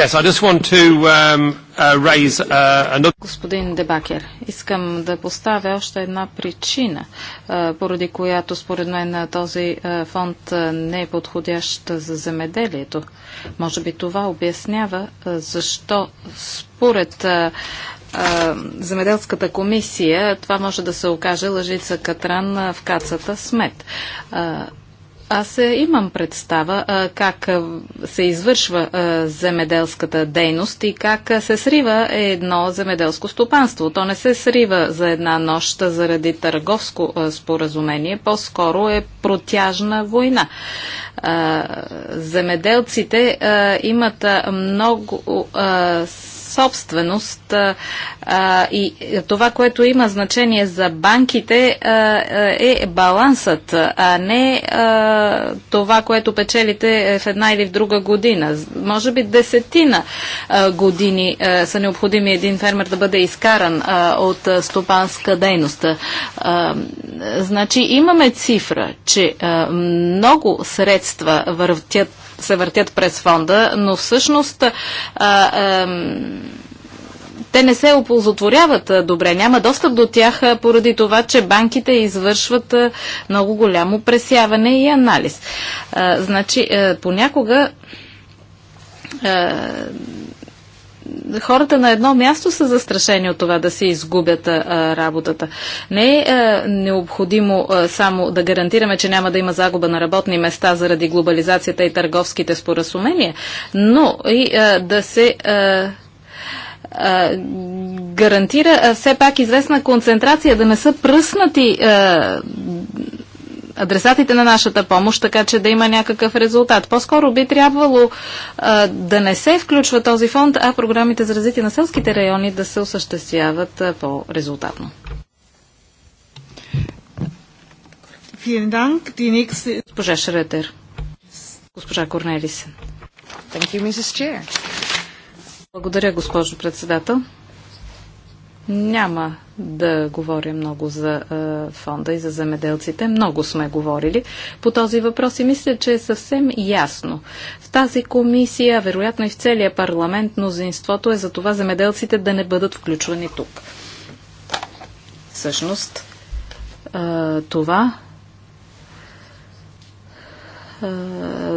Yes, I just want to um, Uh, uh, Господин Дебакер, искам да поставя още една причина, поради която според мен този фонд не е подходящ за земеделието. Може би това обяснява защо според земеделската комисия това може да се окаже лъжица катран в кацата смет. Аз е, имам представа как се извършва земеделската дейност и как се срива едно земеделско стопанство. То не се срива за една нощ заради търговско споразумение, по-скоро е протяжна война. Земеделците имат много собственост а, и това, което има значение за банките а, е балансът, а не а, това, което печелите е, в една или в друга година. Може би десетина а, години а, са необходими един фермер да бъде изкаран а, от стопанска дейност. А, значи имаме цифра, че а, много средства въртят се въртят през фонда, но всъщност а, а, те не се оползотворяват добре, няма достъп до тях поради това, че банките извършват много голямо пресяване и анализ. А, значи, а, понякога а, хората на едно място са застрашени от това да се изгубят а, работата. Не е а, необходимо а, само да гарантираме, че няма да има загуба на работни места заради глобализацията и търговските споразумения, но и а, да се. А, гарантира все пак известна концентрация, да не са пръснати адресатите на нашата помощ, така че да има някакъв резултат. По-скоро би трябвало а, да не се включва този фонд, а програмите за развитие на селските райони да се осъществяват по-резултатно. Госпожа Шретер. Госпожа Корнелисен. Благодаря, госпожо председател. Няма да говоря много за е, фонда и за земеделците. Много сме говорили по този въпрос и мисля, че е съвсем ясно. В тази комисия, вероятно и в целия парламент, мнозинството е за това земеделците да не бъдат включвани тук. Всъщност, е, това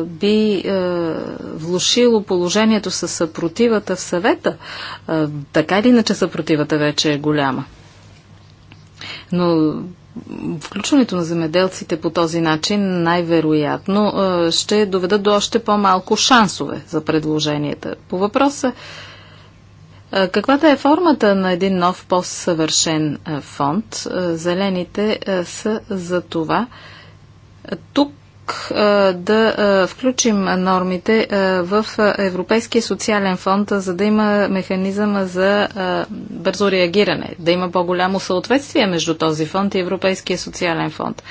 би влушило положението с съпротивата в съвета. Така или иначе съпротивата вече е голяма. Но включването на земеделците по този начин най-вероятно ще доведат до още по-малко шансове за предложенията. По въпроса каквата е формата на един нов по-съвършен фонд, зелените са за това тук е, да е, включим нормите е, в Европейския социален фонд, за да има механизъм за бързо реагиране, да има по-голямо съответствие между този фонд и Европейския социален фонд.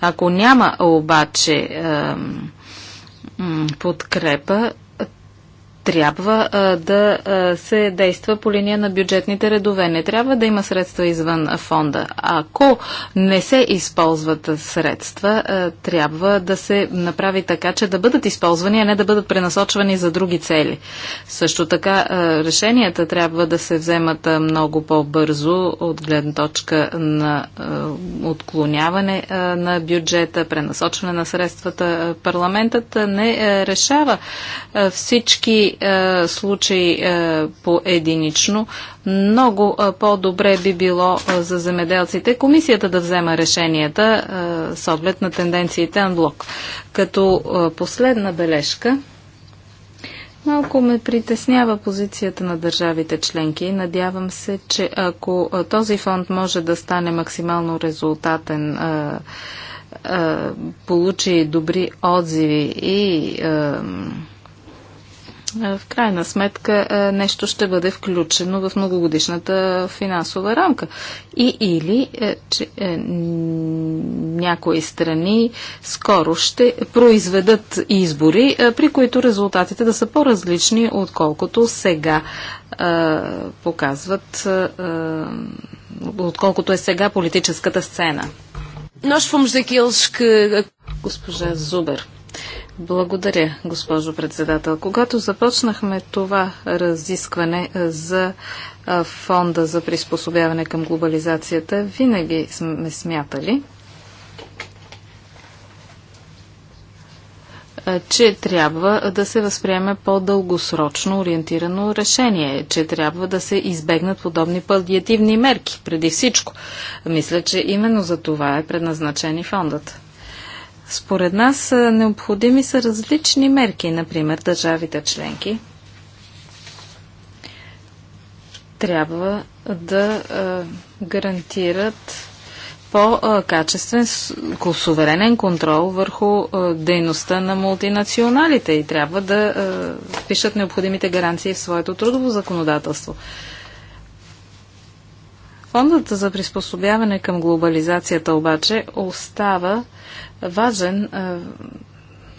Ако няма обаче подкрепа, трябва а, да а, се действа по линия на бюджетните редове. Не трябва да има средства извън фонда. Ако не се използват средства, а, трябва да се направи така, че да бъдат използвани, а не да бъдат пренасочвани за други цели. Също така а, решенията трябва да се вземат а, много по-бързо от гледна точка на а, отклоняване а, на бюджета, пренасочване на средствата. Парламентът не а, решава а, всички е, случаи е, по единично, много е, по-добре би било е, за земеделците комисията да взема решенията е, с оглед на тенденциите на блок. Като е, последна бележка, Малко ме притеснява позицията на държавите членки. Надявам се, че ако е, този фонд може да стане максимално резултатен, е, е получи добри отзиви и е, е, в крайна сметка е, нещо ще бъде включено в многогодишната финансова рамка. И или е, че, някои страни скоро ще произведат избори, при които резултатите да са по-различни, отколкото сега показват, отколкото е сега политическата сцена. Госпожа Зубер. Благодаря, госпожо председател. Когато започнахме това разискване за фонда за приспособяване към глобализацията, винаги сме смятали, че трябва да се възприеме по-дългосрочно ориентирано решение, че трябва да се избегнат подобни палиативни мерки преди всичко. Мисля, че именно за това е предназначен и фондът. Според нас необходими са различни мерки, например държавите членки. Трябва да гарантират по-качествен суверенен контрол върху дейността на мултинационалите и трябва да впишат необходимите гаранции в своето трудово законодателство. Фондът за приспособяване към глобализацията обаче остава важен е,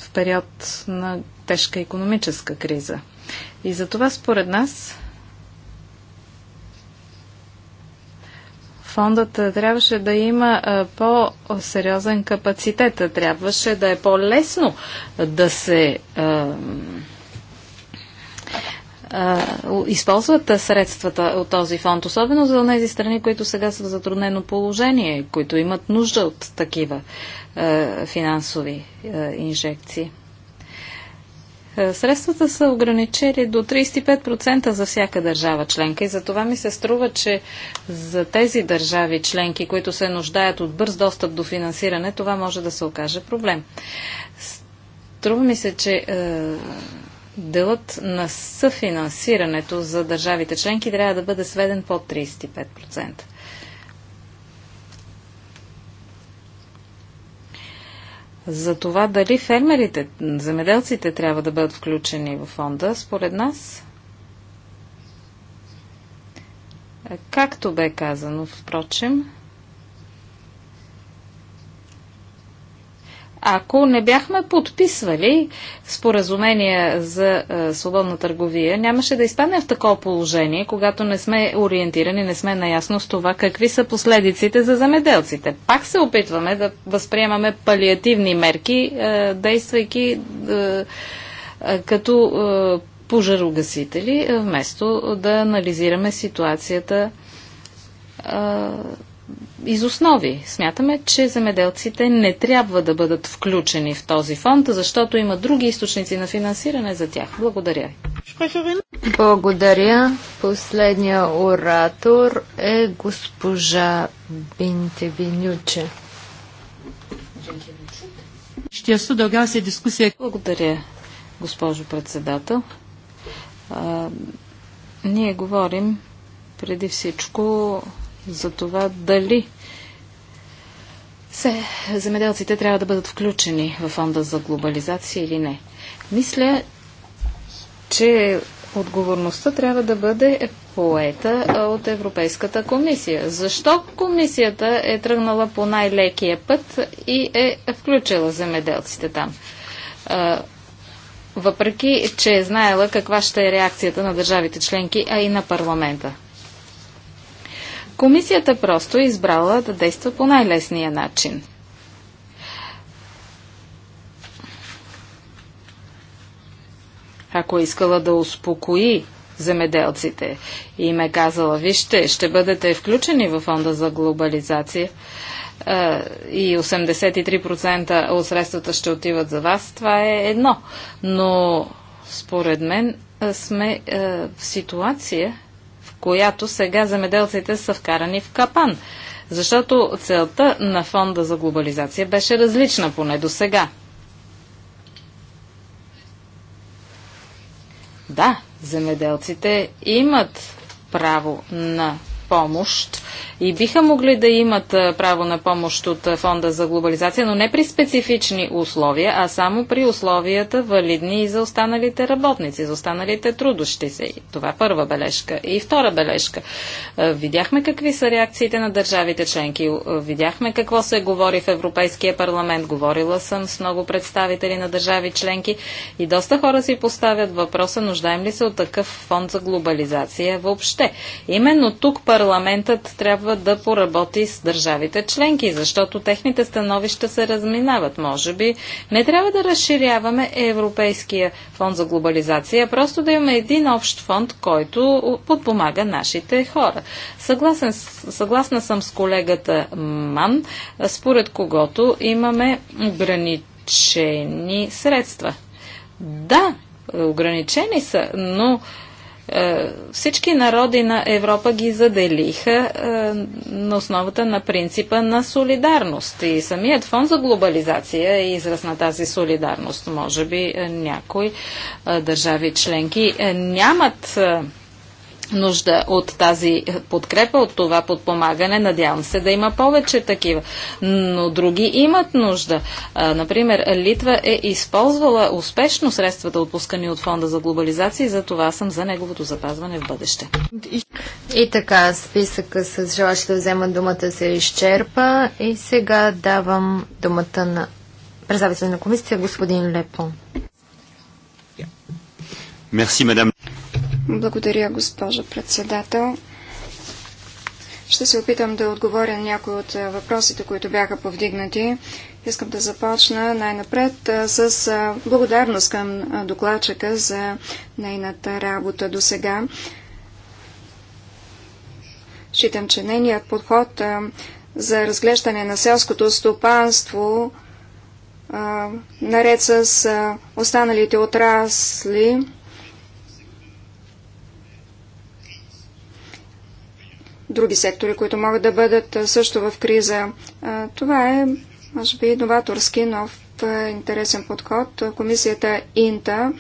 в период на тежка економическа криза. И за това според нас фондът трябваше да има е, по-сериозен капацитет. Трябваше да е по-лесно да се е, използват средствата от този фонд, особено за тези страни, които сега са в затруднено положение, които имат нужда от такива а, финансови а, инжекции. Средствата са ограничени до 35% за всяка държава членка и за това ми се струва, че за тези държави членки, които се нуждаят от бърз достъп до финансиране, това може да се окаже проблем. Струва ми се, че е, делът на съфинансирането за държавите членки трябва да бъде сведен под 35%. За това дали фермерите, земеделците трябва да бъдат включени в фонда, според нас, е, както бе казано, впрочем, Ако не бяхме подписвали споразумения за а, е, свободна търговия, нямаше да изпаднем в такова положение, когато не сме ориентирани, не сме наясно с това какви са последиците за замеделците. Пак се опитваме да възприемаме палиативни мерки, а, е, действайки а, е, като а, пожарогасители, вместо да анализираме ситуацията из основи. Смятаме, че земеделците не трябва да бъдат включени в този фонд, защото има други източници на финансиране за тях. Благодаря Благодаря. Последния оратор е госпожа Бинте Винюче. Благодаря, госпожо председател. А, ние говорим преди всичко за това дали се, земеделците трябва да бъдат включени в фонда за глобализация или не. Мисля, че отговорността трябва да бъде поета от Европейската комисия. Защо комисията е тръгнала по най-лекия път и е включила земеделците там? Въпреки, че е знаела каква ще е реакцията на държавите членки, а и на парламента. Комисията просто е избрала да действа по най-лесния начин. Ако е искала да успокои земеделците и ме казала, вижте, ще бъдете включени в фонда за глобализация, и 83% от средствата ще отиват за вас, това е едно. Но според мен сме в ситуация, която сега земеделците са вкарани в капан. Защото целта на фонда за глобализация беше различна поне до сега. Да, земеделците имат право на помощ и биха могли да имат право на помощ от Фонда за глобализация, но не при специфични условия, а само при условията валидни и за останалите работници, за останалите трудощи се. Това е първа бележка. И втора бележка. Видяхме какви са реакциите на държавите членки. Видяхме какво се говори в Европейския парламент. Говорила съм с много представители на държави членки и доста хора си поставят въпроса, нуждаем ли се от такъв фонд за глобализация въобще. Именно тук пар парламентът трябва да поработи с държавите членки, защото техните становища се разминават. Може би не трябва да разширяваме Европейския фонд за глобализация, а просто да имаме един общ фонд, който подпомага нашите хора. Съгласен, съгласна съм с колегата Ман, според когото имаме ограничени средства. Да, ограничени са, но е, всички народи на Европа ги заделиха е, на основата на принципа на солидарност. И самият фонд за глобализация е израз на тази солидарност. Може би е, някои държави членки нямат нужда от тази подкрепа, от това подпомагане. Надявам се да има повече такива. Но други имат нужда. например, Литва е използвала успешно средствата, отпускани от Фонда за глобализация и за това съм за неговото запазване в бъдеще. И така, списъка с желащи да вземат думата се изчерпа и сега давам думата на представител на комисия господин Лепо. Мерси, мадам. Благодаря, госпожо председател. Ще се опитам да отговоря на някои от въпросите, които бяха повдигнати. Искам да започна най-напред с благодарност към докладчика за нейната работа до сега. Считам, че нейният подход за разглеждане на селското стопанство наред с останалите отрасли други сектори, които могат да бъдат също в криза. Това е, може би, новаторски, нов интересен подход. Комисията Инта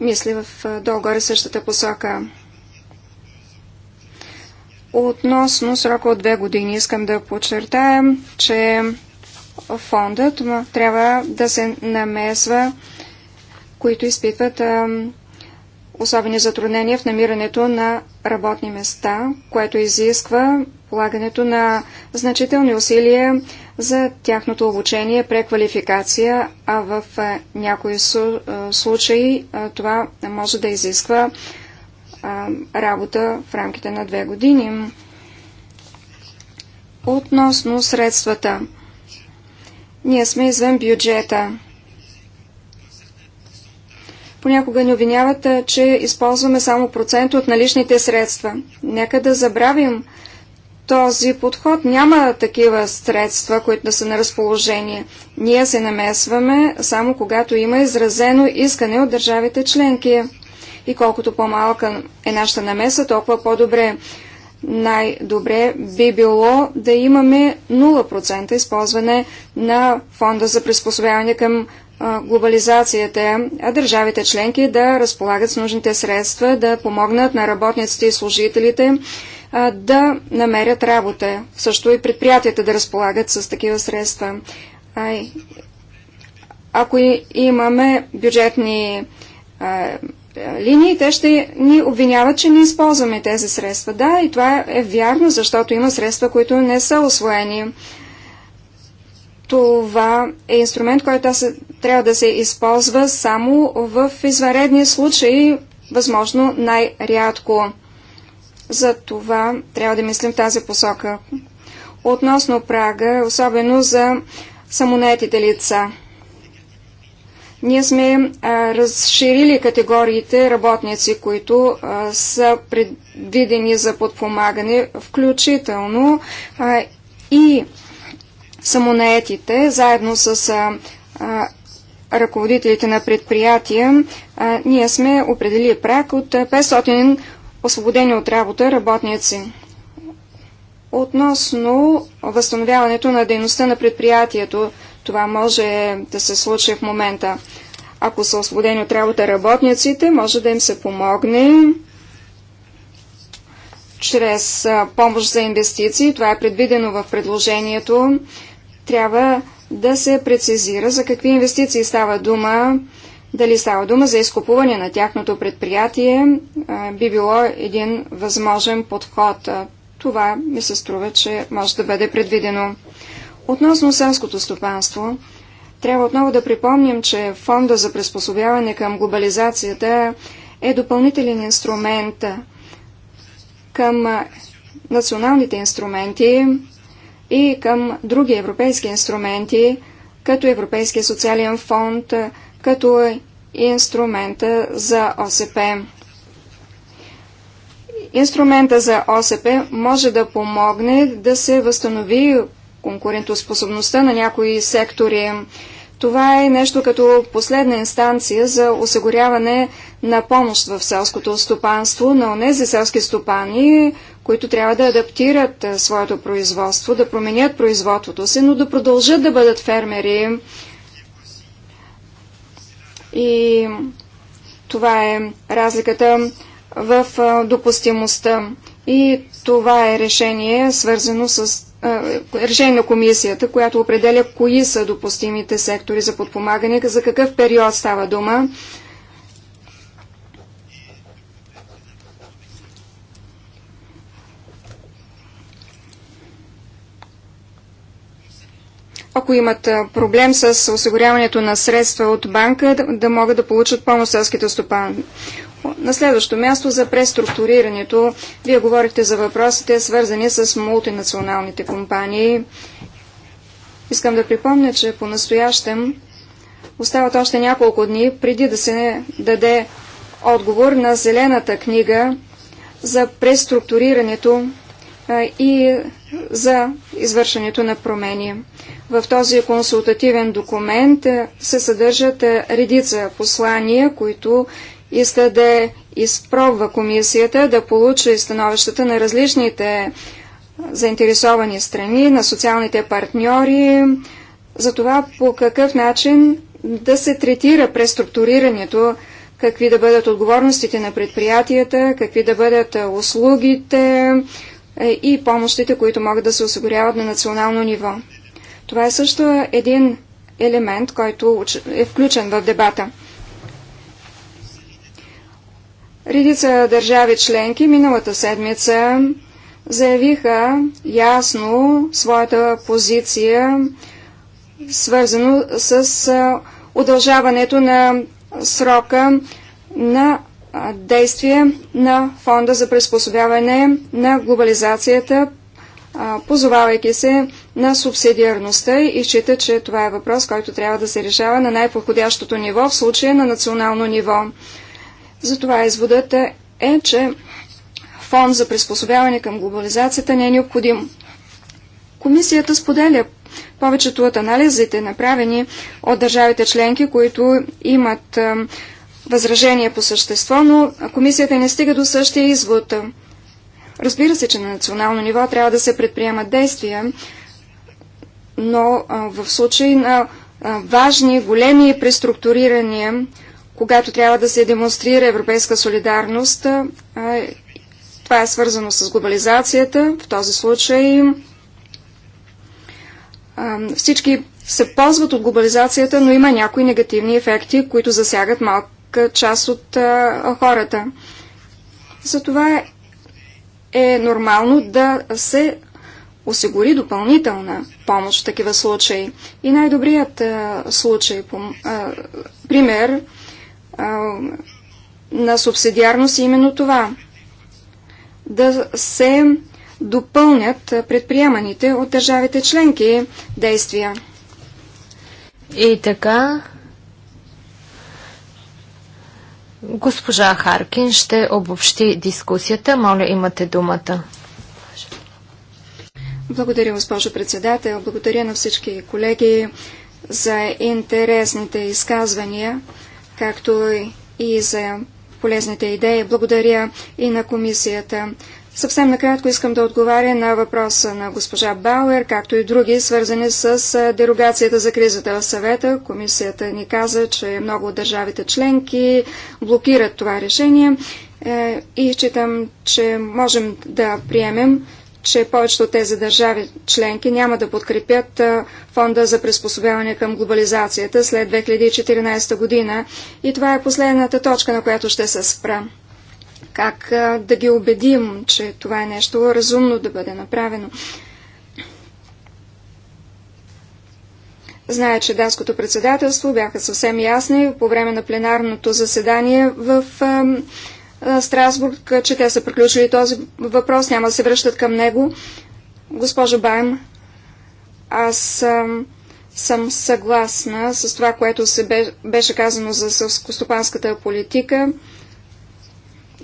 мисли в долу същата посока. Относно срока от две години искам да подчертая, че фондът трябва да се намесва, които изпитват особени затруднения в намирането на работни места, което изисква полагането на значителни усилия за тяхното обучение, преквалификация, а в е, някои е, случаи е, това може да изисква работа в рамките на две години. Относно средствата. Ние сме извън бюджета Понякога ни обвиняват, че използваме само процент от наличните средства. Нека да забравим този подход. Няма такива средства, които да са на разположение. Ние се намесваме само когато има изразено искане от държавите членки. И колкото по-малка е нашата намеса, толкова по-добре. Най-добре би било да имаме 0% използване на фонда за приспособяване към глобализацията, а държавите членки да разполагат с нужните средства, да помогнат на работниците и служителите да намерят работа. Също и предприятията да разполагат с такива средства. ако имаме бюджетни линии, те ще ни обвиняват, че не използваме тези средства. Да, и това е вярно, защото има средства, които не са освоени. Това е инструмент, който трябва да се използва само в извънредни случаи, възможно най-рядко. За това трябва да мислим в тази посока. Относно прага, особено за самонетите лица. Ние сме а, разширили категориите работници, които а, са предвидени за подпомагане, включително а, и самонаетите, заедно с а, ръководителите на предприятия, а, ние сме определили прак от 500 освободени от работа работници. Относно възстановяването на дейността на предприятието, това може да се случи в момента. Ако са освободени от работа работниците, може да им се помогне чрез помощ за инвестиции. Това е предвидено в предложението трябва да се прецизира за какви инвестиции става дума, дали става дума за изкупуване на тяхното предприятие, би било един възможен подход. Това ми се струва, че може да бъде предвидено. Относно селското стопанство, трябва отново да припомним, че Фонда за приспособяване към глобализацията е допълнителен инструмент към националните инструменти и към други европейски инструменти, като Европейския социален фонд, като инструмента за ОСП. Инструмента за ОСП може да помогне да се възстанови конкурентоспособността на някои сектори. Това е нещо като последна инстанция за осигуряване на помощ в селското стопанство на онези селски стопани, които трябва да адаптират е, своето производство, да променят производството си, но да продължат да бъдат фермери. И това е разликата в е, допустимостта. И това е решение, свързано с е, решение на комисията, която определя кои са допустимите сектори за подпомагане, за какъв период става дума. ако имат проблем с осигуряването на средства от банка, да, да могат да получат помощ селските стопани. На следващо място за преструктурирането. Вие говорихте за въпросите, свързани с мултинационалните компании. Искам да припомня, че по-настоящем остават още няколко дни преди да се даде отговор на зелената книга за преструктурирането и за извършването на промени. В този консултативен документ е, се съдържат е, редица послания, които иска да изпробва комисията да получи становищата на различните е, заинтересовани страни, на социалните партньори, за това по какъв начин да се третира преструктурирането, какви да бъдат отговорностите на предприятията, какви да бъдат услугите и помощите, които могат да се осигуряват на национално ниво. Това е също един елемент, който е включен в дебата. Редица държави членки миналата седмица заявиха ясно своята позиция, свързано с удължаването на срока на действие на Фонда за приспособяване на глобализацията позовавайки се на субсидиарността и счита, че това е въпрос, който трябва да се решава на най-подходящото ниво, в случая на национално ниво. Затова изводът е, е, че фонд за приспособяване към глобализацията не е необходим. Комисията споделя повечето от анализите, направени от държавите членки, които имат възражение по същество, но комисията не стига до същия извод. Разбира се, че на национално ниво трябва да се предприемат действия, но а, в случай на а, важни, големи преструктурирания, когато трябва да се демонстрира европейска солидарност, а, това е свързано с глобализацията. В този случай всички се ползват от глобализацията, но има някои негативни ефекти, които засягат малка част от хората. Затова е нормално да се осигури допълнителна помощ в такива случаи. И най-добрият случай, а, пример а, на субсидиарност е именно това. Да се допълнят предприеманите от държавите членки действия. И така, Госпожа Харкин ще обобщи дискусията. Моля, имате думата. Благодаря, госпожо председател. Благодаря на всички колеги за интересните изказвания, както и за полезните идеи. Благодаря и на комисията. Съвсем накратко искам да отговаря на въпроса на госпожа Бауер, както и други, свързани с дерогацията за кризата в съвета. Комисията ни каза, че много от държавите членки блокират това решение е, и считам, че можем да приемем, че повечето от тези държави членки няма да подкрепят фонда за приспособяване към глобализацията след 2014 година. И това е последната точка, на която ще се спра как да ги убедим, че това е нещо разумно да бъде направено. Зная, че данското председателство бяха съвсем ясни по време на пленарното заседание в Страсбург, че те са приключили този въпрос, няма да се връщат към него. Госпожо Байм, аз съм, съм съгласна с това, което се беше казано за сълскостопанската политика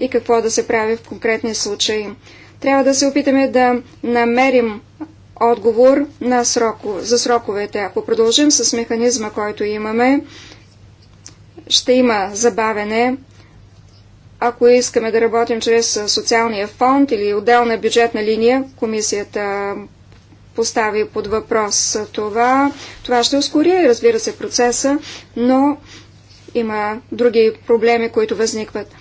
и какво да се прави в конкретни случаи. Трябва да се опитаме да намерим отговор на срок, за сроковете. Ако продължим с механизма, който имаме, ще има забавене. Ако искаме да работим чрез социалния фонд или отделна бюджетна линия, комисията постави под въпрос това. Това ще ускори, разбира се, процеса, но има други проблеми, които възникват.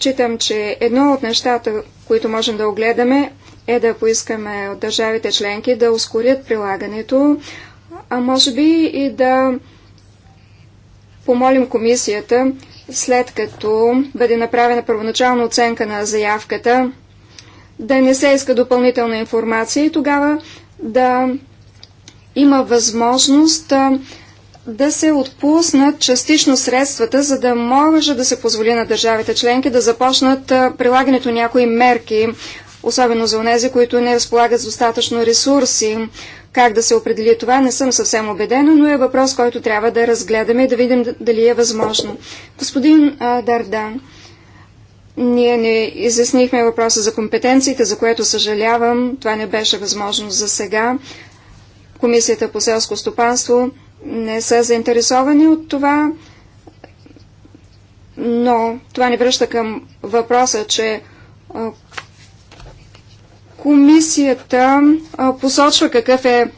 Считам, че едно от нещата, които можем да огледаме, е да поискаме от държавите членки да ускорят прилагането, а може би и да помолим комисията, след като бъде направена първоначална оценка на заявката, да не се иска допълнителна информация и тогава да има възможност да се отпуснат частично средствата, за да може да се позволи на държавите членки да започнат прилагането някои мерки, особено за унези, които не разполагат с достатъчно ресурси. Как да се определи това, не съм съвсем убедена, но е въпрос, който трябва да разгледаме и да видим дали е възможно. Господин Дардан, ние не изяснихме въпроса за компетенциите, за което съжалявам. Това не беше възможно за сега. Комисията по селско стопанство не са заинтересовани от това, но това ни връща към въпроса, че комисията посочва какъв е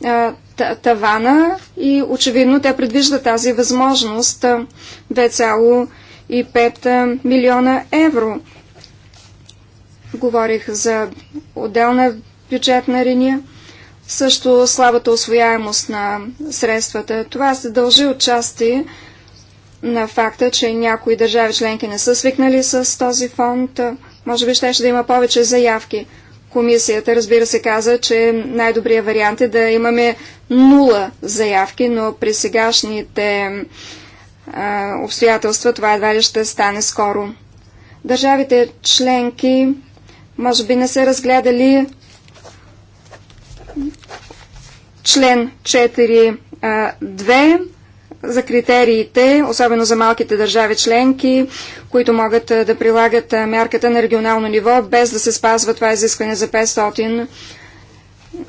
тавана и очевидно тя предвижда тази възможност 2,5 милиона евро. Говорих за отделна бюджетна линия също слабата освояемост на средствата. Това се дължи от части на факта, че някои държави членки не са свикнали с този фонд. Може би ще, ще да има повече заявки. Комисията, разбира се, каза, че най-добрият вариант е да имаме нула заявки, но при сегашните а, обстоятелства това едва ли ще стане скоро. Държавите членки може би не са разгледали член 4.2 за критериите, особено за малките държави членки, които могат да прилагат мярката на регионално ниво, без да се спазва това изискване за 500.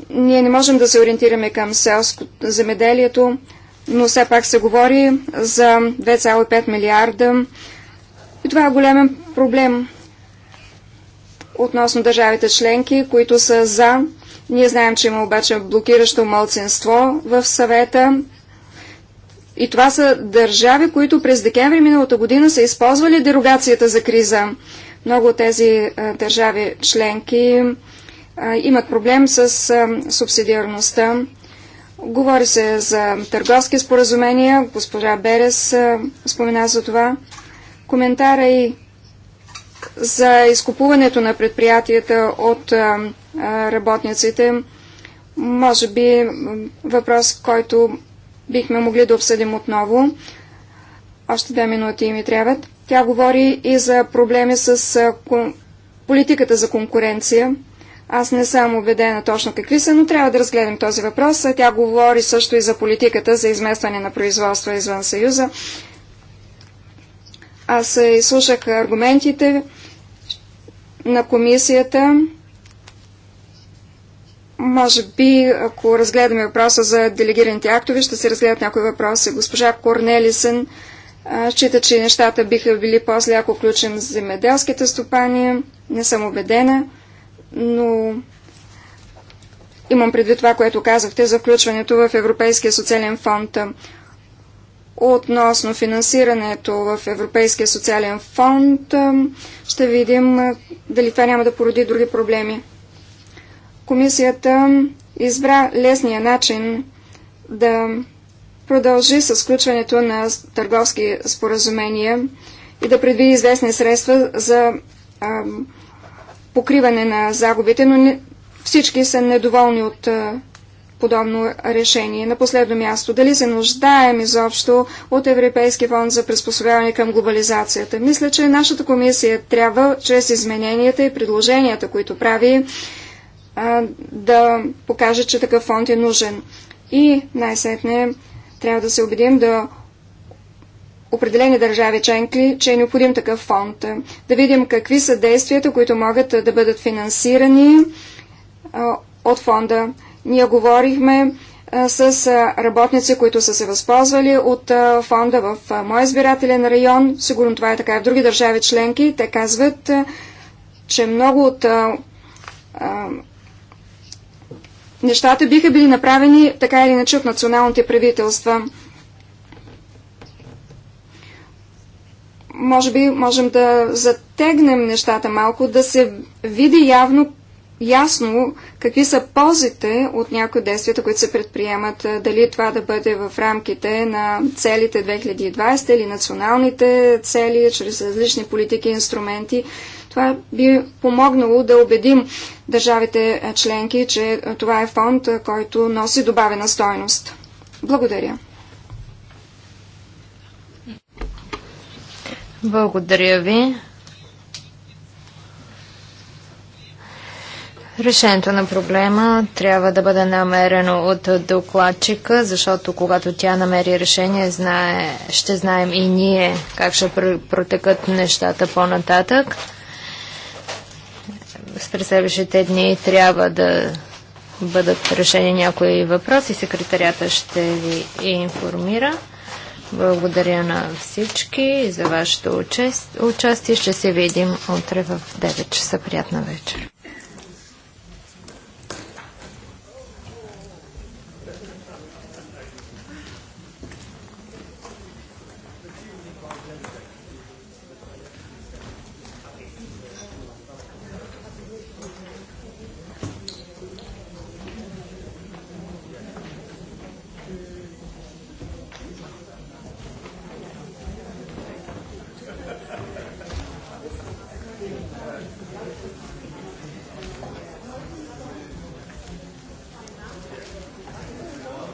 Ние не можем да се ориентираме към селско земеделието, но все пак се говори за 2,5 милиарда. И това е голям проблем относно държавите членки, които са за ние знаем, че има обаче блокиращо мълцинство в съвета. И това са държави, които през декември миналата година са използвали дерогацията за криза. Много от тези а, държави членки а, имат проблем с а, субсидиарността. Говори се за търговски споразумения. Госпожа Берес спомена за това. Коментара и за изкупуването на предприятията от работниците. Може би въпрос, който бихме могли да обсъдим отново. Още две минути ми трябват. Тя говори и за проблеми с политиката за конкуренция. Аз не съм убедена точно какви са, но трябва да разгледам този въпрос. Тя говори също и за политиката за изместване на производства извън Съюза. Аз изслушах аргументите на комисията може би, ако разгледаме въпроса за делегираните актове, ще се разгледат някои въпроси. Госпожа Корнелисън счита, че нещата биха били после, ако включим земеделските стопани. Не съм убедена, но имам предвид това, което казахте за включването в Европейския социален фонд. Относно финансирането в Европейския социален фонд, ще видим дали това няма да породи други проблеми. Комисията избра лесния начин да продължи с включването на търговски споразумения и да предвиди известни средства за а, покриване на загубите, но не, всички са недоволни от а, подобно решение. На последно място, дали се нуждаем изобщо от Европейски фонд за приспособяване към глобализацията? Мисля, че нашата комисия трябва, чрез измененията и предложенията, които прави, да покаже, че такъв фонд е нужен. И най-сетне трябва да се убедим да определени държави членки, че е необходим такъв фонд. Да видим какви са действията, които могат да бъдат финансирани от фонда. Ние говорихме с работници, които са се възползвали от фонда в моя избирателен район. Сигурно това е така и в други държави членки. Те казват, че много от нещата биха били направени така или иначе от националните правителства. Може би можем да затегнем нещата малко, да се види явно, ясно какви са ползите от някои действията, които се предприемат. Дали това да бъде в рамките на целите 2020 или националните цели, чрез различни политики и инструменти. Това би помогнало да убедим държавите членки, че това е фонд, който носи добавена стойност. Благодаря. Благодаря ви. Решението на проблема трябва да бъде намерено от докладчика, защото когато тя намери решение, знае, ще знаем и ние как ще протекат нещата по-нататък през следващите дни трябва да бъдат решени някои въпроси. Секретарията ще ви информира. Благодаря на всички за вашето участие. Ще се видим утре в 9 часа. Приятна вечер.